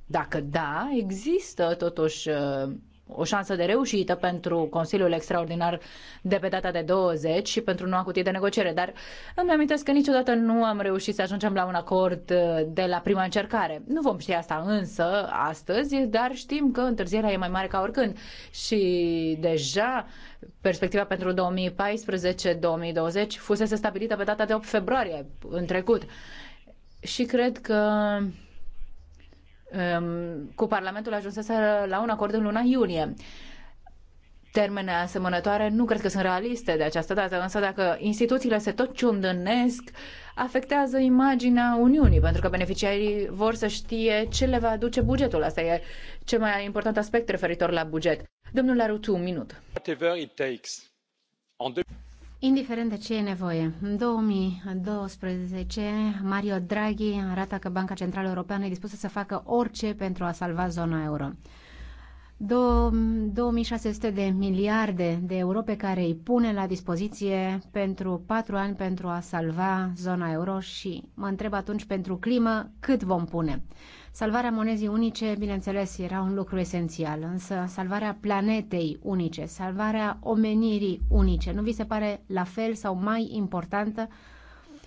Dacă da, există totuși uh, o șansă de reușită pentru Consiliul Extraordinar de pe data de 20 și pentru noua cutie de negociere, dar îmi amintesc că niciodată nu am reușit să ajungem la un acord uh, de la prima încercare. Nu vom ști asta însă astăzi, dar știm că întârzierea e mai mare ca oricând și deja perspectiva pentru 2014-2020 fusese stabilită pe data de 8 februarie în trecut. Și cred că Ehm, cu Parlamentul ajunsese la un acord în luna iunie. Termene asemănătoare nu cred că sunt realiste de această dată, însă dacă instituțiile se tot ciundănesc, afectează imaginea Uniunii, pentru că beneficiarii vor să știe ce le va aduce bugetul. Asta e cel mai important aspect referitor la buget. Domnul Arutu, un minut. Indiferent de ce e nevoie, în 2012 Mario Draghi arată că Banca Centrală Europeană e dispusă să facă orice pentru a salva zona euro. 2600 de miliarde de euro pe care îi pune la dispoziție pentru patru ani pentru a salva zona euro și mă întreb atunci pentru climă cât vom pune. Salvarea monezii unice, bineînțeles, era un lucru esențial, însă salvarea planetei unice, salvarea omenirii unice, nu vi se pare la fel sau mai importantă?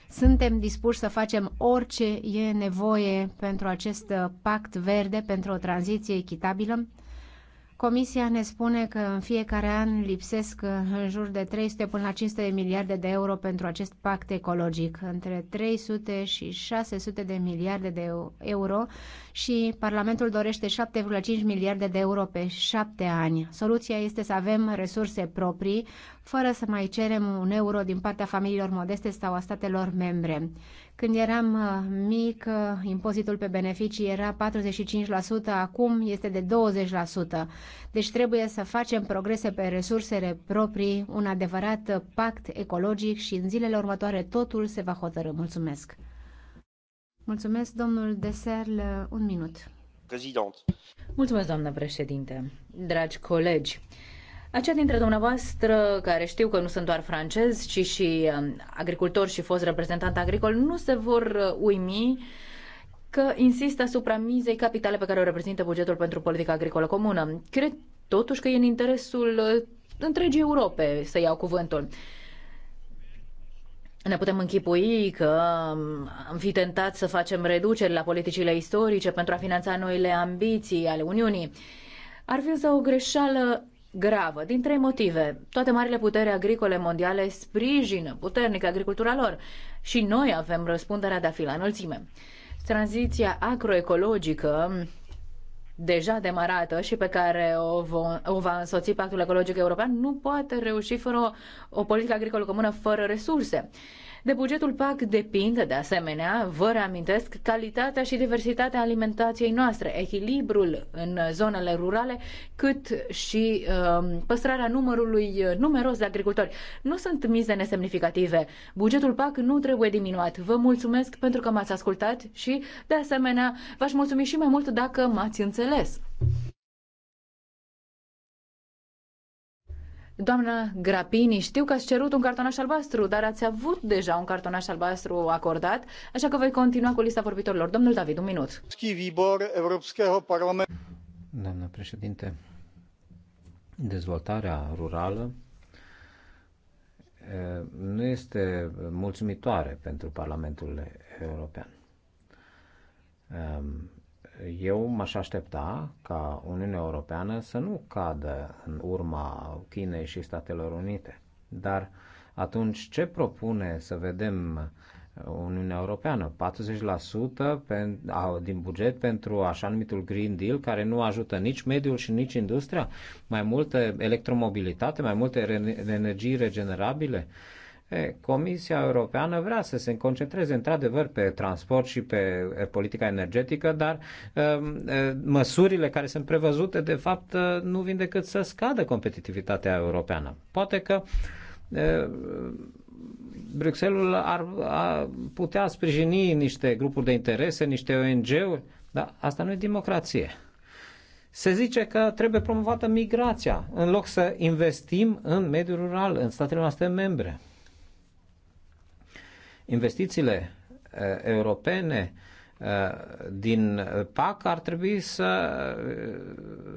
Suntem dispuși să facem orice e nevoie pentru acest pact verde, pentru o tranziție echitabilă? Comisia ne spune că în fiecare an lipsesc în jur de 300 până la 500 de miliarde de euro pentru acest pact ecologic, între 300 și 600 de miliarde de euro și Parlamentul dorește 7,5 miliarde de euro pe șapte ani. Soluția este să avem resurse proprii, fără să mai cerem un euro din partea familiilor modeste sau a statelor membre. Când eram uh, mic, uh, impozitul pe beneficii era 45%, acum este de 20%. Deci trebuie să facem progrese pe resursele proprii, un adevărat pact ecologic și în zilele următoare totul se va hotărâ. Mulțumesc! Mulțumesc, domnul Deserl, un minut. Prezident. Mulțumesc, doamnă președinte. Dragi colegi, Aceia dintre dumneavoastră care știu că nu sunt doar francezi, ci și um, agricultori și fost reprezentant agricol, nu se vor uh, uimi că insistă asupra mizei capitale pe care o reprezintă bugetul pentru politica agricolă comună. Cred totuși că e în interesul uh, întregii Europe să iau cuvântul. Ne putem închipui că um, am fi tentat să facem reduceri la politicile istorice pentru a finanța noile ambiții ale Uniunii. Ar fi însă o greșeală gravă, din trei motive. Toate marile putere agricole mondiale sprijină puternic agricultura lor și noi avem răspunderea de a fi la înălțime. Tranziția agroecologică deja demarată și pe care o, vo, o va însoți Pactul Ecologic European nu poate reuși fără o, o politică agricolă comună fără resurse. De bugetul PAC depinde, de asemenea, vă reamintesc, calitatea și diversitatea alimentației noastre, echilibrul în zonele rurale, cât și uh, păstrarea numărului uh, numeros de agricultori. Nu sunt mize nesemnificative. Bugetul PAC nu trebuie diminuat. Vă mulțumesc pentru că m-ați ascultat și, de asemenea, v-aș mulțumi și mai mult dacă m-ați înțeles. Doamnă Grapini, știu că ați cerut un cartonaș albastru, dar ați avut deja un cartonaș albastru acordat, așa că voi continua cu lista vorbitorilor. Domnul David, un minut. Doamnă președinte, dezvoltarea rurală nu este mulțumitoare pentru Parlamentul European eu m-aș aștepta ca Uniunea Europeană să nu cadă în urma Chinei și Statelor Unite. Dar atunci ce propune să vedem uh, Uniunea Europeană? 40% din buget pentru așa numitul Green Deal, care nu ajută nici mediul și nici industria? Mai multă electromobilitate, mai multe energii regenerabile? Uh, Comisia Europeană vrea să se concentreze într-adevăr pe transport și pe politica energetică, dar măsurile care sunt prevăzute, de fapt, nu vin decât să scadă competitivitatea europeană. Poate că Bruxelles ar putea sprijini niște grupuri de interese, niște ONG-uri, dar asta nu e democrație. Se zice că trebuie promovată migrația, în loc să investim în mediul rural, în statele noastre membre. Investițiile eh, europene eh, din PAC ar trebui să eh,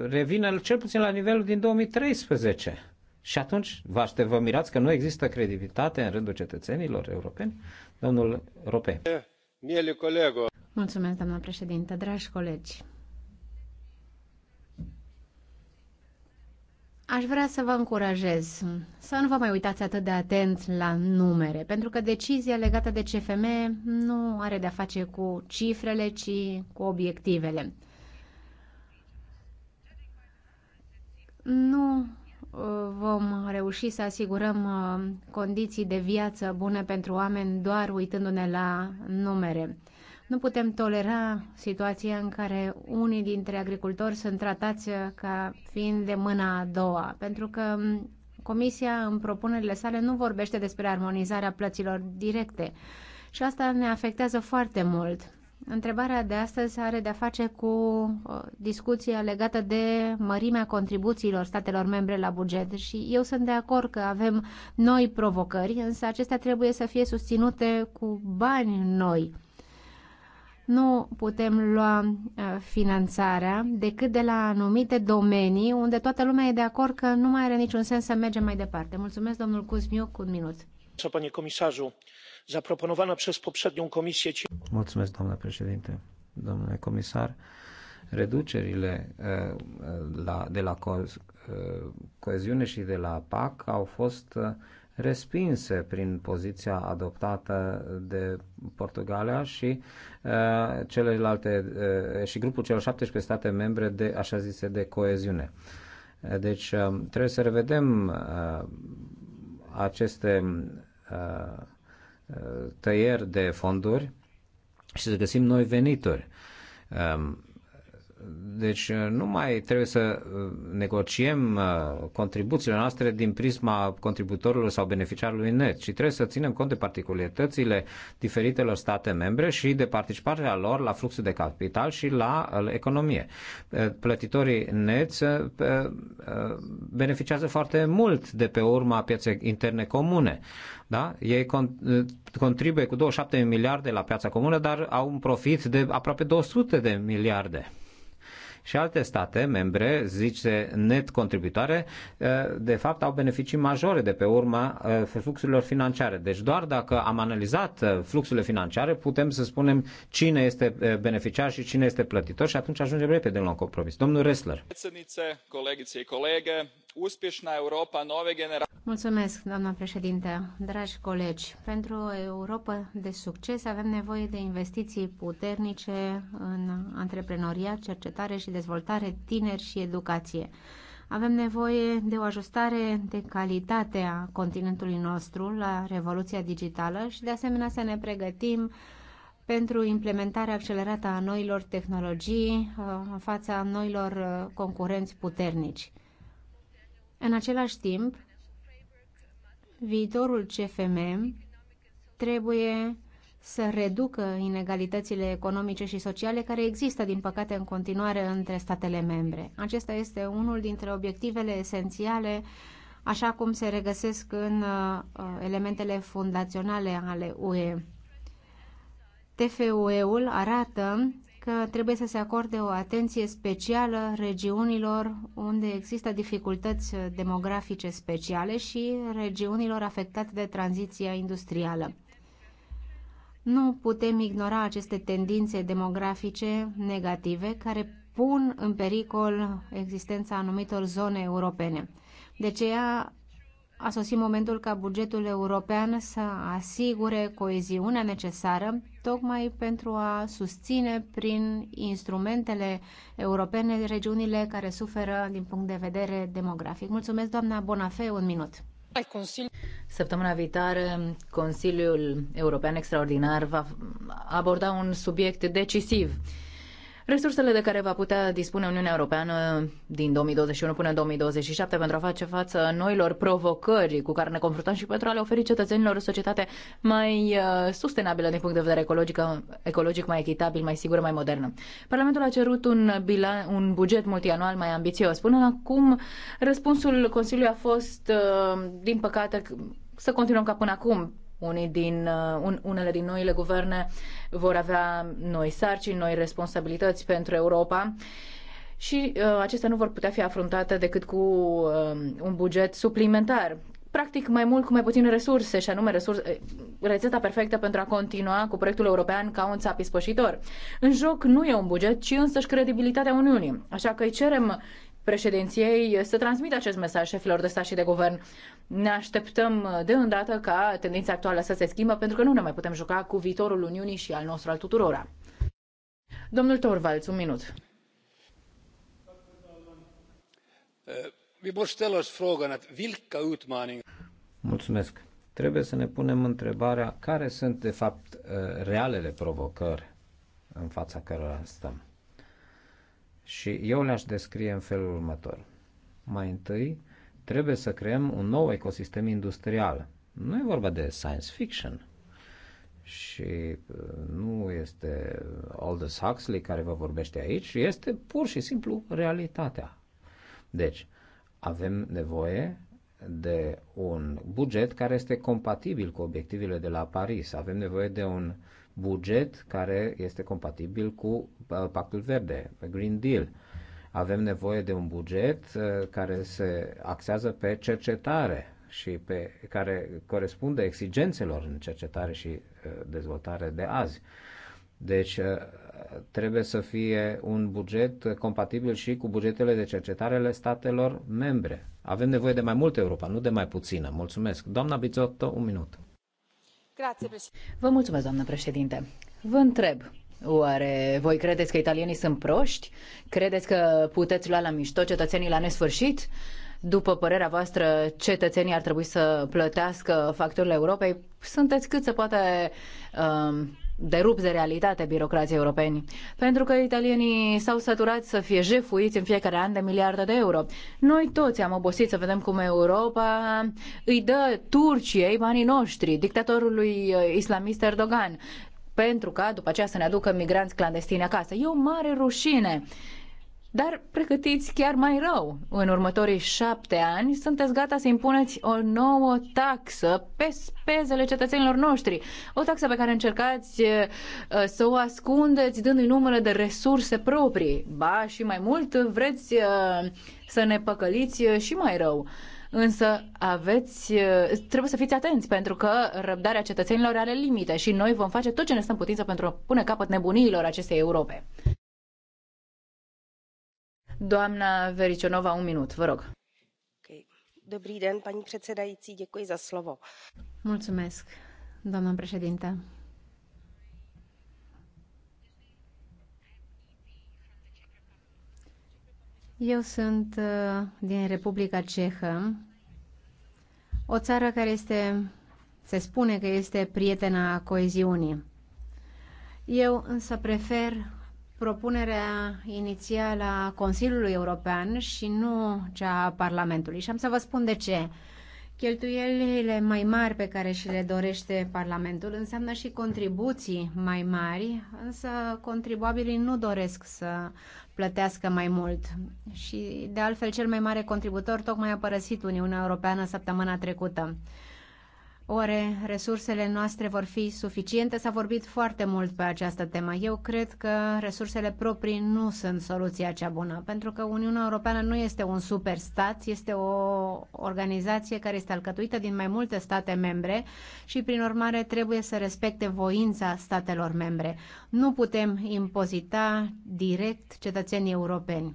revină cel puțin la nivelul din 2013. Și atunci vă, aște, vă mirați că nu există credibilitate în rândul cetățenilor europeni? Domnul Rope. Mulțumesc, doamna președinte, dragi colegi. Aș vrea să vă încurajez să nu vă mai uitați atât de atent la numere, pentru că decizia legată de CFM nu are de-a face cu cifrele, ci cu obiectivele. Nu uh, vom reuși să asigurăm uh, condiții de viață bune pentru oameni doar uitându-ne la numere. Nu putem tolera situația în care unii dintre agricultori sunt tratați ca fiind de mâna a doua, pentru că Comisia în propunerile sale nu vorbește despre armonizarea plăților directe și asta ne afectează foarte mult. Întrebarea de astăzi are de-a face cu uh, discuția legată de mărimea contribuțiilor statelor membre la buget și eu sunt de acord că avem noi provocări, însă acestea trebuie să fie susținute cu bani noi nu putem lua uh, finanțarea decât de la anumite domenii unde toată lumea e de acord că nu mai are niciun sens să mergem mai departe. Mulțumesc, domnul cu un minut. Panie comisarzu, zaproponowana przez poprzednią komisję... Mulțumesc, domnule președinte, domnule comisar. Reducerile uh, uh, de la coeziune și de la PAC au fost respinse prin poziția adoptată de Portugalia și uh, celelalte uh, și grupul celor 17 state membre de așa zise de coeziune. Uh, deci uh, trebuie să revedem uh, aceste uh, uh, tăieri de fonduri și să găsim noi venituri. Uh, deci uh, nu mai trebuie să uh, negociem uh, contribuțiile noastre din prisma contributorilor sau beneficiarului net, ci trebuie să ținem cont de particularitățile diferitelor state membre și de participarea lor la fluxul de capital și la economie. Plătitorii net beneficiază foarte mult de pe urma pieței interne comune. Da? Ei contribuie cu 27 miliarde la piața comună, dar au un profit de aproape 200 de miliarde și alte state membre, zice net contributoare, eh, de fapt au beneficii majore de pe urma eh, fluxurilor financiare. Deci doar dacă am analizat eh, fluxurile financiare, putem să spunem cine este beneficiar și cine este plătitor și atunci ajungem repede la un compromis. Domnul Ressler. Mulțumesc, doamna președinte, dragi colegi. Pentru o Europa de succes avem nevoie de investiții puternice în antreprenoriat, cercetare și dezvoltare, tineri și educație. Avem nevoie de o ajustare de calitate a continentului nostru la revoluția digitală și de asemenea să ne pregătim pentru implementarea accelerată a noilor tehnologii uh, în fața noilor uh, concurenți puternici. În același timp, viitorul CFM trebuie să reducă inegalitățile economice și sociale care există, din păcate, în continuare între statele membre. Acesta este unul dintre obiectivele esențiale, așa cum se regăsesc în uh, elementele fundaționale ale UE. TFUE-ul arată că trebuie să se acorde o atenție specială regiunilor unde există dificultăți demografice speciale și regiunilor afectate de tranziția industrială. Nu putem ignora aceste tendințe demografice negative care pun în pericol existența anumitor zone europene. De aceea a sosit momentul ca bugetul european să asigure coeziunea necesară tocmai pentru a susține prin instrumentele europene regiunile care suferă din punct de vedere demografic. Mulțumesc, doamna Bonafe un minut. Săptămâna viitoare, Consiliul European Extraordinar va aborda un subiect decisiv resursele de care va putea dispune Uniunea Europeană din 2021 până în 2027 pentru a face față noilor provocări cu care ne confruntăm și pentru a le oferi cetățenilor o societate mai uh, sustenabilă din punct de vedere ecologic, ecologic mai echitabil, mai sigură, mai modernă. Parlamentul a cerut un, bilan, un buget multianual mai ambițios. Până acum, răspunsul Consiliului a fost, uh, din păcate, să continuăm ca până acum unii din, uh, un, unele din noile guverne vor avea noi sarcini, noi responsabilități pentru Europa și uh, acestea nu vor putea fi afruntate decât cu uh, un buget suplimentar. Practic, mai mult cu mai puține resurse, și anume resurse, eh, rețeta perfectă pentru a continua cu proiectul european ca un țap ispășitor. În joc nu e un buget, ci însăși credibilitatea Uniunii. Așa că îi cerem președinției să transmită acest mesaj șefilor de stat și de guvern. Ne așteptăm de îndată ca tendința actuală să se schimbă pentru că nu ne mai putem juca cu viitorul Uniunii și al nostru al tuturora. Domnul Torvalds, un minut. Mulțumesc. Trebuie să ne punem întrebarea care sunt de fapt eh, realele provocări în fața cărora stăm și eu le-aș descrie în felul următor. Mai întâi, trebuie să creăm un nou ecosistem industrial. Nu e vorba de science fiction. Și uh, nu este Aldous Huxley care vă vorbește aici, este pur și simplu realitatea. Deci, avem nevoie de un buget care este compatibil cu obiectivele de la Paris. Avem nevoie de un uh, buget care este compatibil cu uh, Pactul Verde, Green Deal. Avem nevoie de un buget uh, care se axează pe cercetare și pe care corespunde exigențelor în cercetare și uh, dezvoltare de azi. Deci trebuie să fie un buget compatibil și cu bugetele de cercetare ale statelor membre. Avem nevoie de mai multă Europa, nu de mai puțină. Mulțumesc. Doamna Bizotto, un minut. Vă mulțumesc, doamnă președinte. Vă întreb, oare voi credeți că italienii sunt proști? Credeți că puteți lua la mișto cetățenii la nesfârșit? După părerea voastră, cetățenii ar trebui să plătească facturile Europei? Sunteți cât se poate uh, derup de realitate birocrații europeni, pentru că italienii s-au săturat să fie jefuiți în fiecare an de miliarde de euro. Noi toți am obosit să vedem cum Europa îi dă Turciei banii noștri, dictatorului uh, islamist Erdogan, pentru ca după aceea să ne aducă migranți clandestini acasă. E o mare rușine dar pregătiți chiar mai rău. În următorii șapte ani sunteți gata să impuneți o nouă taxă pe spezele cetățenilor noștri. O taxă pe care încercați să o ascundeți dându-i numele de resurse proprii. Ba și mai mult vreți să ne păcăliți și mai rău. Însă aveți, trebuie să fiți atenți pentru că răbdarea cetățenilor are limite și noi vom face tot ce ne stăm putință pentru a pune capăt nebuniilor acestei Europe. Doamna Vericionova, un minut, vă rog. Dobrý den, paní předsedající, děkuji za slovo. Mulțumesc, doamna președinte. Eu sunt uh, din Republica Cehă, o țară care este, se spune că este prietena coeziunii. Eu însă prefer propunerea inițială a Consiliului European și nu cea a Parlamentului. Și am să vă spun de ce. Cheltuielile mai mari pe care și le dorește Parlamentul înseamnă și contribuții mai mari, însă contribuabilii nu doresc să plătească mai mult. Și, de altfel, cel mai mare contributor tocmai a părăsit Uniunea Europeană săptămâna trecută. Oare resursele noastre vor fi suficiente? S-a vorbit foarte mult pe această temă. Eu cred că resursele proprii nu sunt soluția cea bună, pentru că Uniunea Europeană nu este un superstat, este o organizație care este alcătuită din mai multe state membre și, prin urmare, trebuie să respecte voința statelor membre. Nu putem impozita direct cetățenii europeni.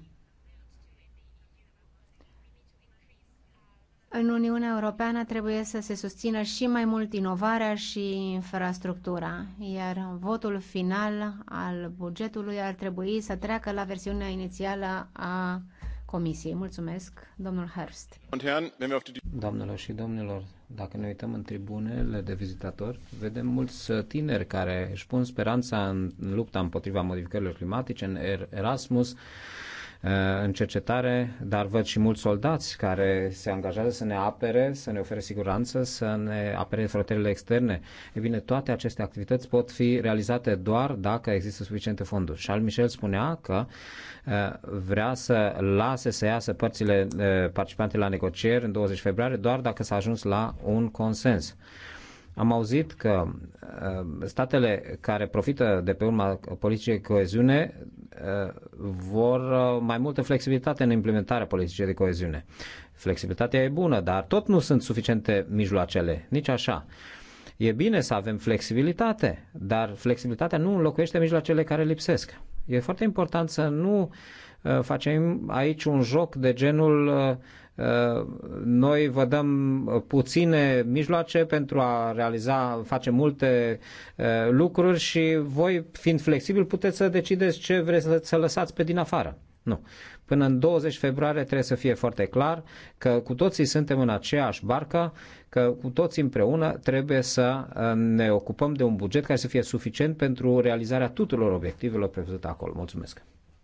În Uniunea Europeană trebuie să se susțină și mai mult inovarea și infrastructura, iar votul final al bugetului ar trebui să treacă la versiunea inițială a Comisiei. Mulțumesc, domnul Hurst. Doamnelor și domnilor, dacă ne uităm în tribunele de vizitatori, vedem mulți tineri care își pun speranța în lupta împotriva modificărilor climatice, în Erasmus, Uh, în cercetare, dar văd și mulți soldați care se angajează să ne apere, să ne ofere siguranță, să ne apere frontierele externe. E bine, toate aceste activități pot fi realizate doar dacă există suficiente fonduri. Charles Michel spunea că uh, vrea să lase să iasă părțile uh, participante la negocieri în 20 februarie doar dacă s-a ajuns la un consens. Am auzit că uh, statele care profită de pe urma politicii de coeziune uh, vor uh, mai multă flexibilitate în implementarea politicii de coeziune. Flexibilitatea e bună, dar tot nu sunt suficiente mijloacele, nici așa. E bine să avem flexibilitate, dar flexibilitatea nu înlocuiește mijloacele care lipsesc. E foarte important să nu uh, Uh, facem aici un joc de genul uh, uh, noi vă dăm puține mijloace pentru a realiza, face multe lucruri și voi, fiind flexibil, puteți să decideți ce vreți să lăsați pe din afară. Nu. Până în 20 februarie trebuie să fie foarte clar că cu toții suntem în aceeași barcă, că cu toții împreună trebuie să ne ocupăm de un buget care să fie suficient pentru realizarea tuturor obiectivelor prevăzute acolo. Mulțumesc!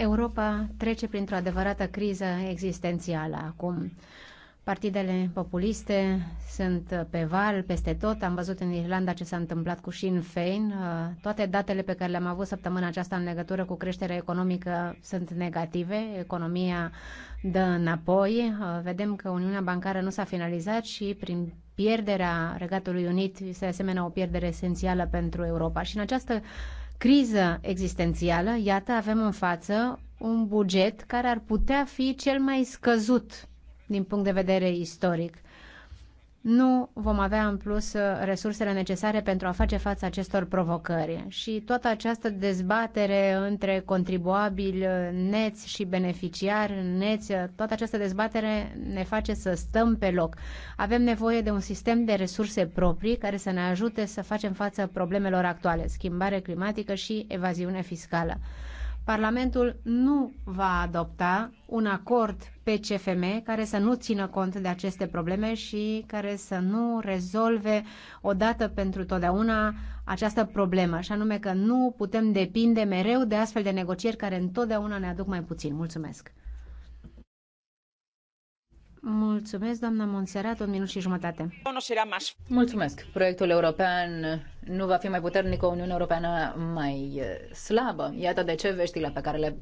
Europa trece printr-o adevărată criză existențială acum. Partidele populiste sunt pe val, peste tot. Am văzut în Irlanda ce s-a întâmplat cu Sinn Féin. Uh, toate datele pe care le-am avut săptămâna aceasta în legătură cu creșterea economică sunt negative. Economia dă înapoi. Uh, vedem că Uniunea Bancară nu s-a finalizat și prin pierderea Regatului Unit este asemenea o pierdere esențială pentru Europa. Și în această criză existențială, iată, avem în față un buget care ar putea fi cel mai scăzut din punct de vedere istoric nu vom avea în plus uh, resursele necesare pentru a face față acestor provocări. Și toată această dezbatere între contribuabili uh, neți și beneficiari neți, uh, toată această dezbatere ne face să stăm pe loc. Avem nevoie de un sistem de resurse proprii care să ne ajute să facem față problemelor actuale, schimbare climatică și evaziune fiscală. Parlamentul nu va adopta un acord pe CFM care să nu țină cont de aceste probleme și care să nu rezolve odată pentru totdeauna această problemă, și anume că nu putem depinde mereu de astfel de negocieri care întotdeauna ne aduc mai puțin. Mulțumesc! Mulțumesc, doamna Monserrat, un minut și jumătate. Mulțumesc. Proiectul european nu va fi mai puternic, o Uniune Europeană mai eh, slabă. Iată de ce veștile pe care le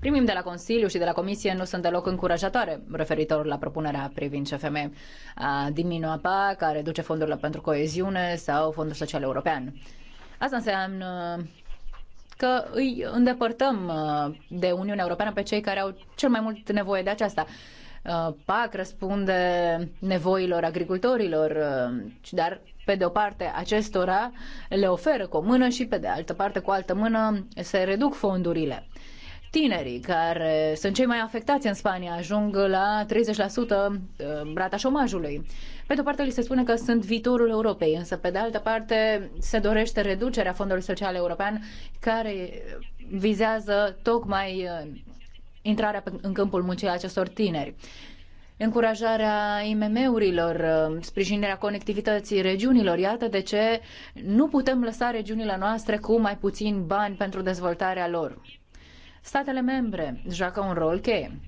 primim de la Consiliu și de la Comisie nu sunt deloc încurajatoare referitor la propunerea privind CFM a diminua PAC, care reduce fondurile pentru coeziune sau Fondul Social European. Asta înseamnă că îi îndepărtăm eh, de Uniunea Europeană pe cei care au cel mai mult nevoie de aceasta. Uh, PAC răspunde nevoilor agricultorilor, uh, dar pe de o parte acestora le oferă cu o mână și pe de altă parte cu altă mână se reduc fondurile. Tinerii care sunt cei mai afectați în Spania ajung la 30% uh, rata șomajului. Pe de o parte li se spune că sunt viitorul Europei, însă pe de altă parte se dorește reducerea fondului social european care vizează tocmai intrarea în câmpul muncii a acestor tineri. Încurajarea IMM-urilor, uh, sprijinirea conectivității regiunilor, iată de ce nu putem lăsa regiunile noastre cu mai puțin bani pentru dezvoltarea lor. Statele membre joacă un rol cheie.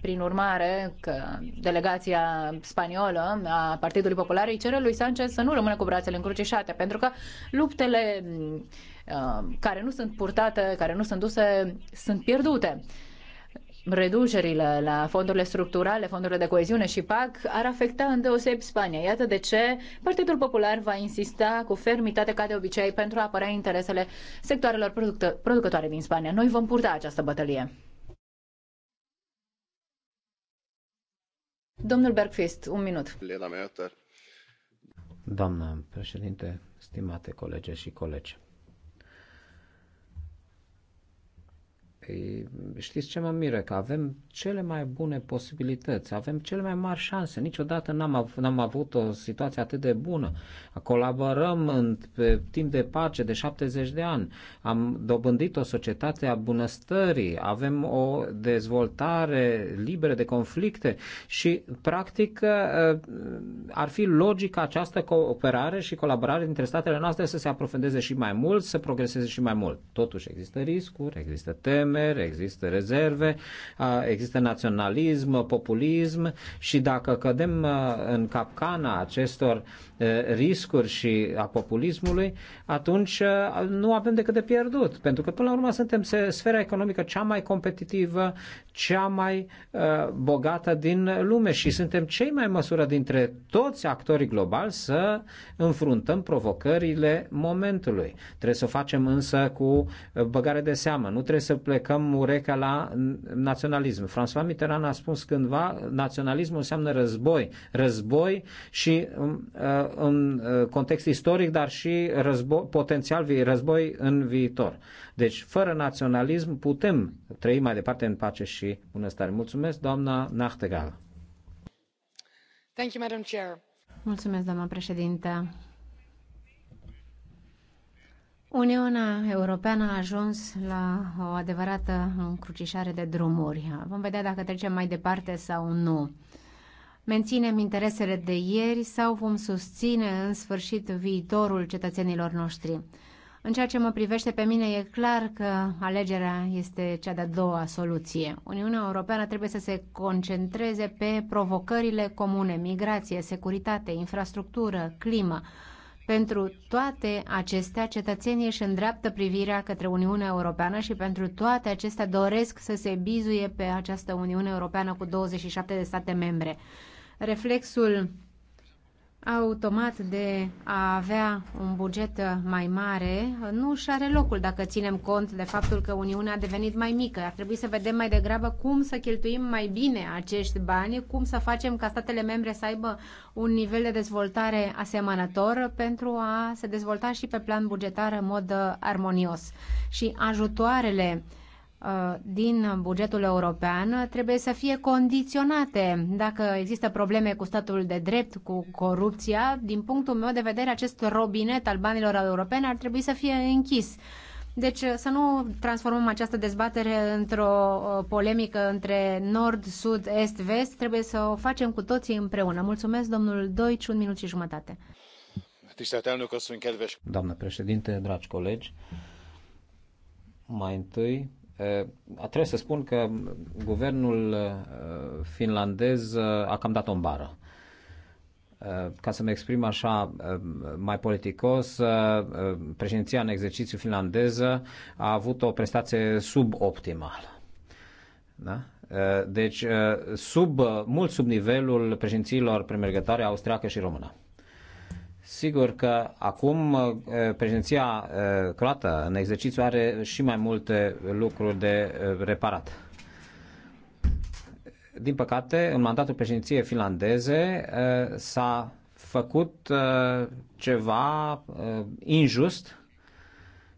Prin urmare, că delegația spaniolă a Partidului Popular îi cere lui Sanchez să nu rămână cu brațele încrucișate, pentru că luptele uh, care nu sunt purtate, care nu sunt duse, sunt pierdute reducerile la fondurile structurale, fondurile de coeziune și PAC ar afecta în deoseb Spania. Iată de ce Partidul Popular va insista cu fermitate ca de obicei pentru a apărea interesele sectoarelor producă- producătoare din Spania. Noi vom purta această bătălie. Domnul Bergfist, un minut. Doamnă președinte, stimate colege și colegi, Păi, știți ce mă miră? Că avem cele mai bune posibilități, avem cele mai mari șanse. Niciodată n-am, av- n-am avut o situație atât de bună. Colaborăm în, pe timp de pace de 70 de ani. Am dobândit o societate a bunăstării, avem o dezvoltare liberă de conflicte și, practic, ă, ar fi logică această cooperare și colaborare dintre statele noastre să se aprofundeze și mai mult, să progreseze și mai mult. Totuși există riscuri, există teme, temeri, există rezerve, există naționalism, populism și dacă cădem în capcana acestor riscuri și a populismului, atunci nu avem decât de pierdut, pentru că până la urmă suntem sfera economică cea mai competitivă, cea mai uh, bogată din lume și suntem cei mai măsură dintre toți actorii globali să înfruntăm provocările momentului. Trebuie să o facem însă cu uh, băgare de seamă, nu trebuie să plecăm urechea la naționalism. François Mitterrand a spus cândva, naționalismul înseamnă război, război și um, uh, în uh, context istoric, dar și război, potențial război în viitor. Deci, fără naționalism putem trăi mai departe în pace și și bunăstare. Mulțumesc, doamna Nachtegal. Thank you, Madam Chair. Mulțumesc, doamna președintă. Uniunea Europeană a ajuns la o adevărată încrucișare de drumuri. Vom vedea dacă trecem mai departe sau nu. Menținem interesele de ieri sau vom susține în sfârșit viitorul cetățenilor noștri? În ceea ce mă privește pe mine, e clar că alegerea este cea de-a doua soluție. Uniunea Europeană trebuie să se concentreze pe provocările comune, migrație, securitate, infrastructură, climă. Pentru toate acestea, cetățenii își îndreaptă privirea către Uniunea Europeană și pentru toate acestea doresc să se bizuie pe această Uniune Europeană cu 27 de state membre. Reflexul automat de a avea un buget mai mare nu și are locul dacă ținem cont de faptul că Uniunea a devenit mai mică. Ar trebui să vedem mai degrabă cum să cheltuim mai bine acești bani, cum să facem ca statele membre să aibă un nivel de dezvoltare asemănător pentru a se dezvolta și pe plan bugetar în mod uh, armonios. Și ajutoarele uh, Uh, din bugetul european trebuie să fie condiționate. Dacă există probleme cu statul de drept, cu corupția, din punctul meu de vedere, acest robinet al banilor europene ar trebui să fie închis. Deci să nu transformăm această dezbatere într-o uh, polemică între nord, sud, est, vest. Trebuie să o facem cu toții împreună. Mulțumesc, domnul Doici, un minut și jumătate. Doamnă președinte, dragi colegi, mai întâi Eh, trebuie să spun că guvernul eh, finlandez eh, a cam dat o bară. Ca să mă exprim așa mai politicos, președinția în exercițiu finlandeză a avut o prestație suboptimală. Da? Deci, sub, mult sub nivelul președințiilor premergătoare austriacă și română. Sigur că acum uh, președinția uh, croată în exercițiu are și mai multe lucruri de uh, reparat. Din păcate, în mandatul președinției finlandeze s-a făcut ceva injust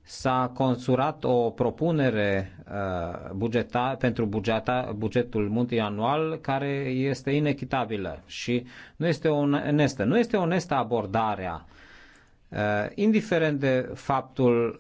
s-a consurat o propunere uh, bugeta, pentru bugeta, bugetul multianual care este inechitabilă și nu este onestă. Nu este onestă abordarea uh, indiferent de faptul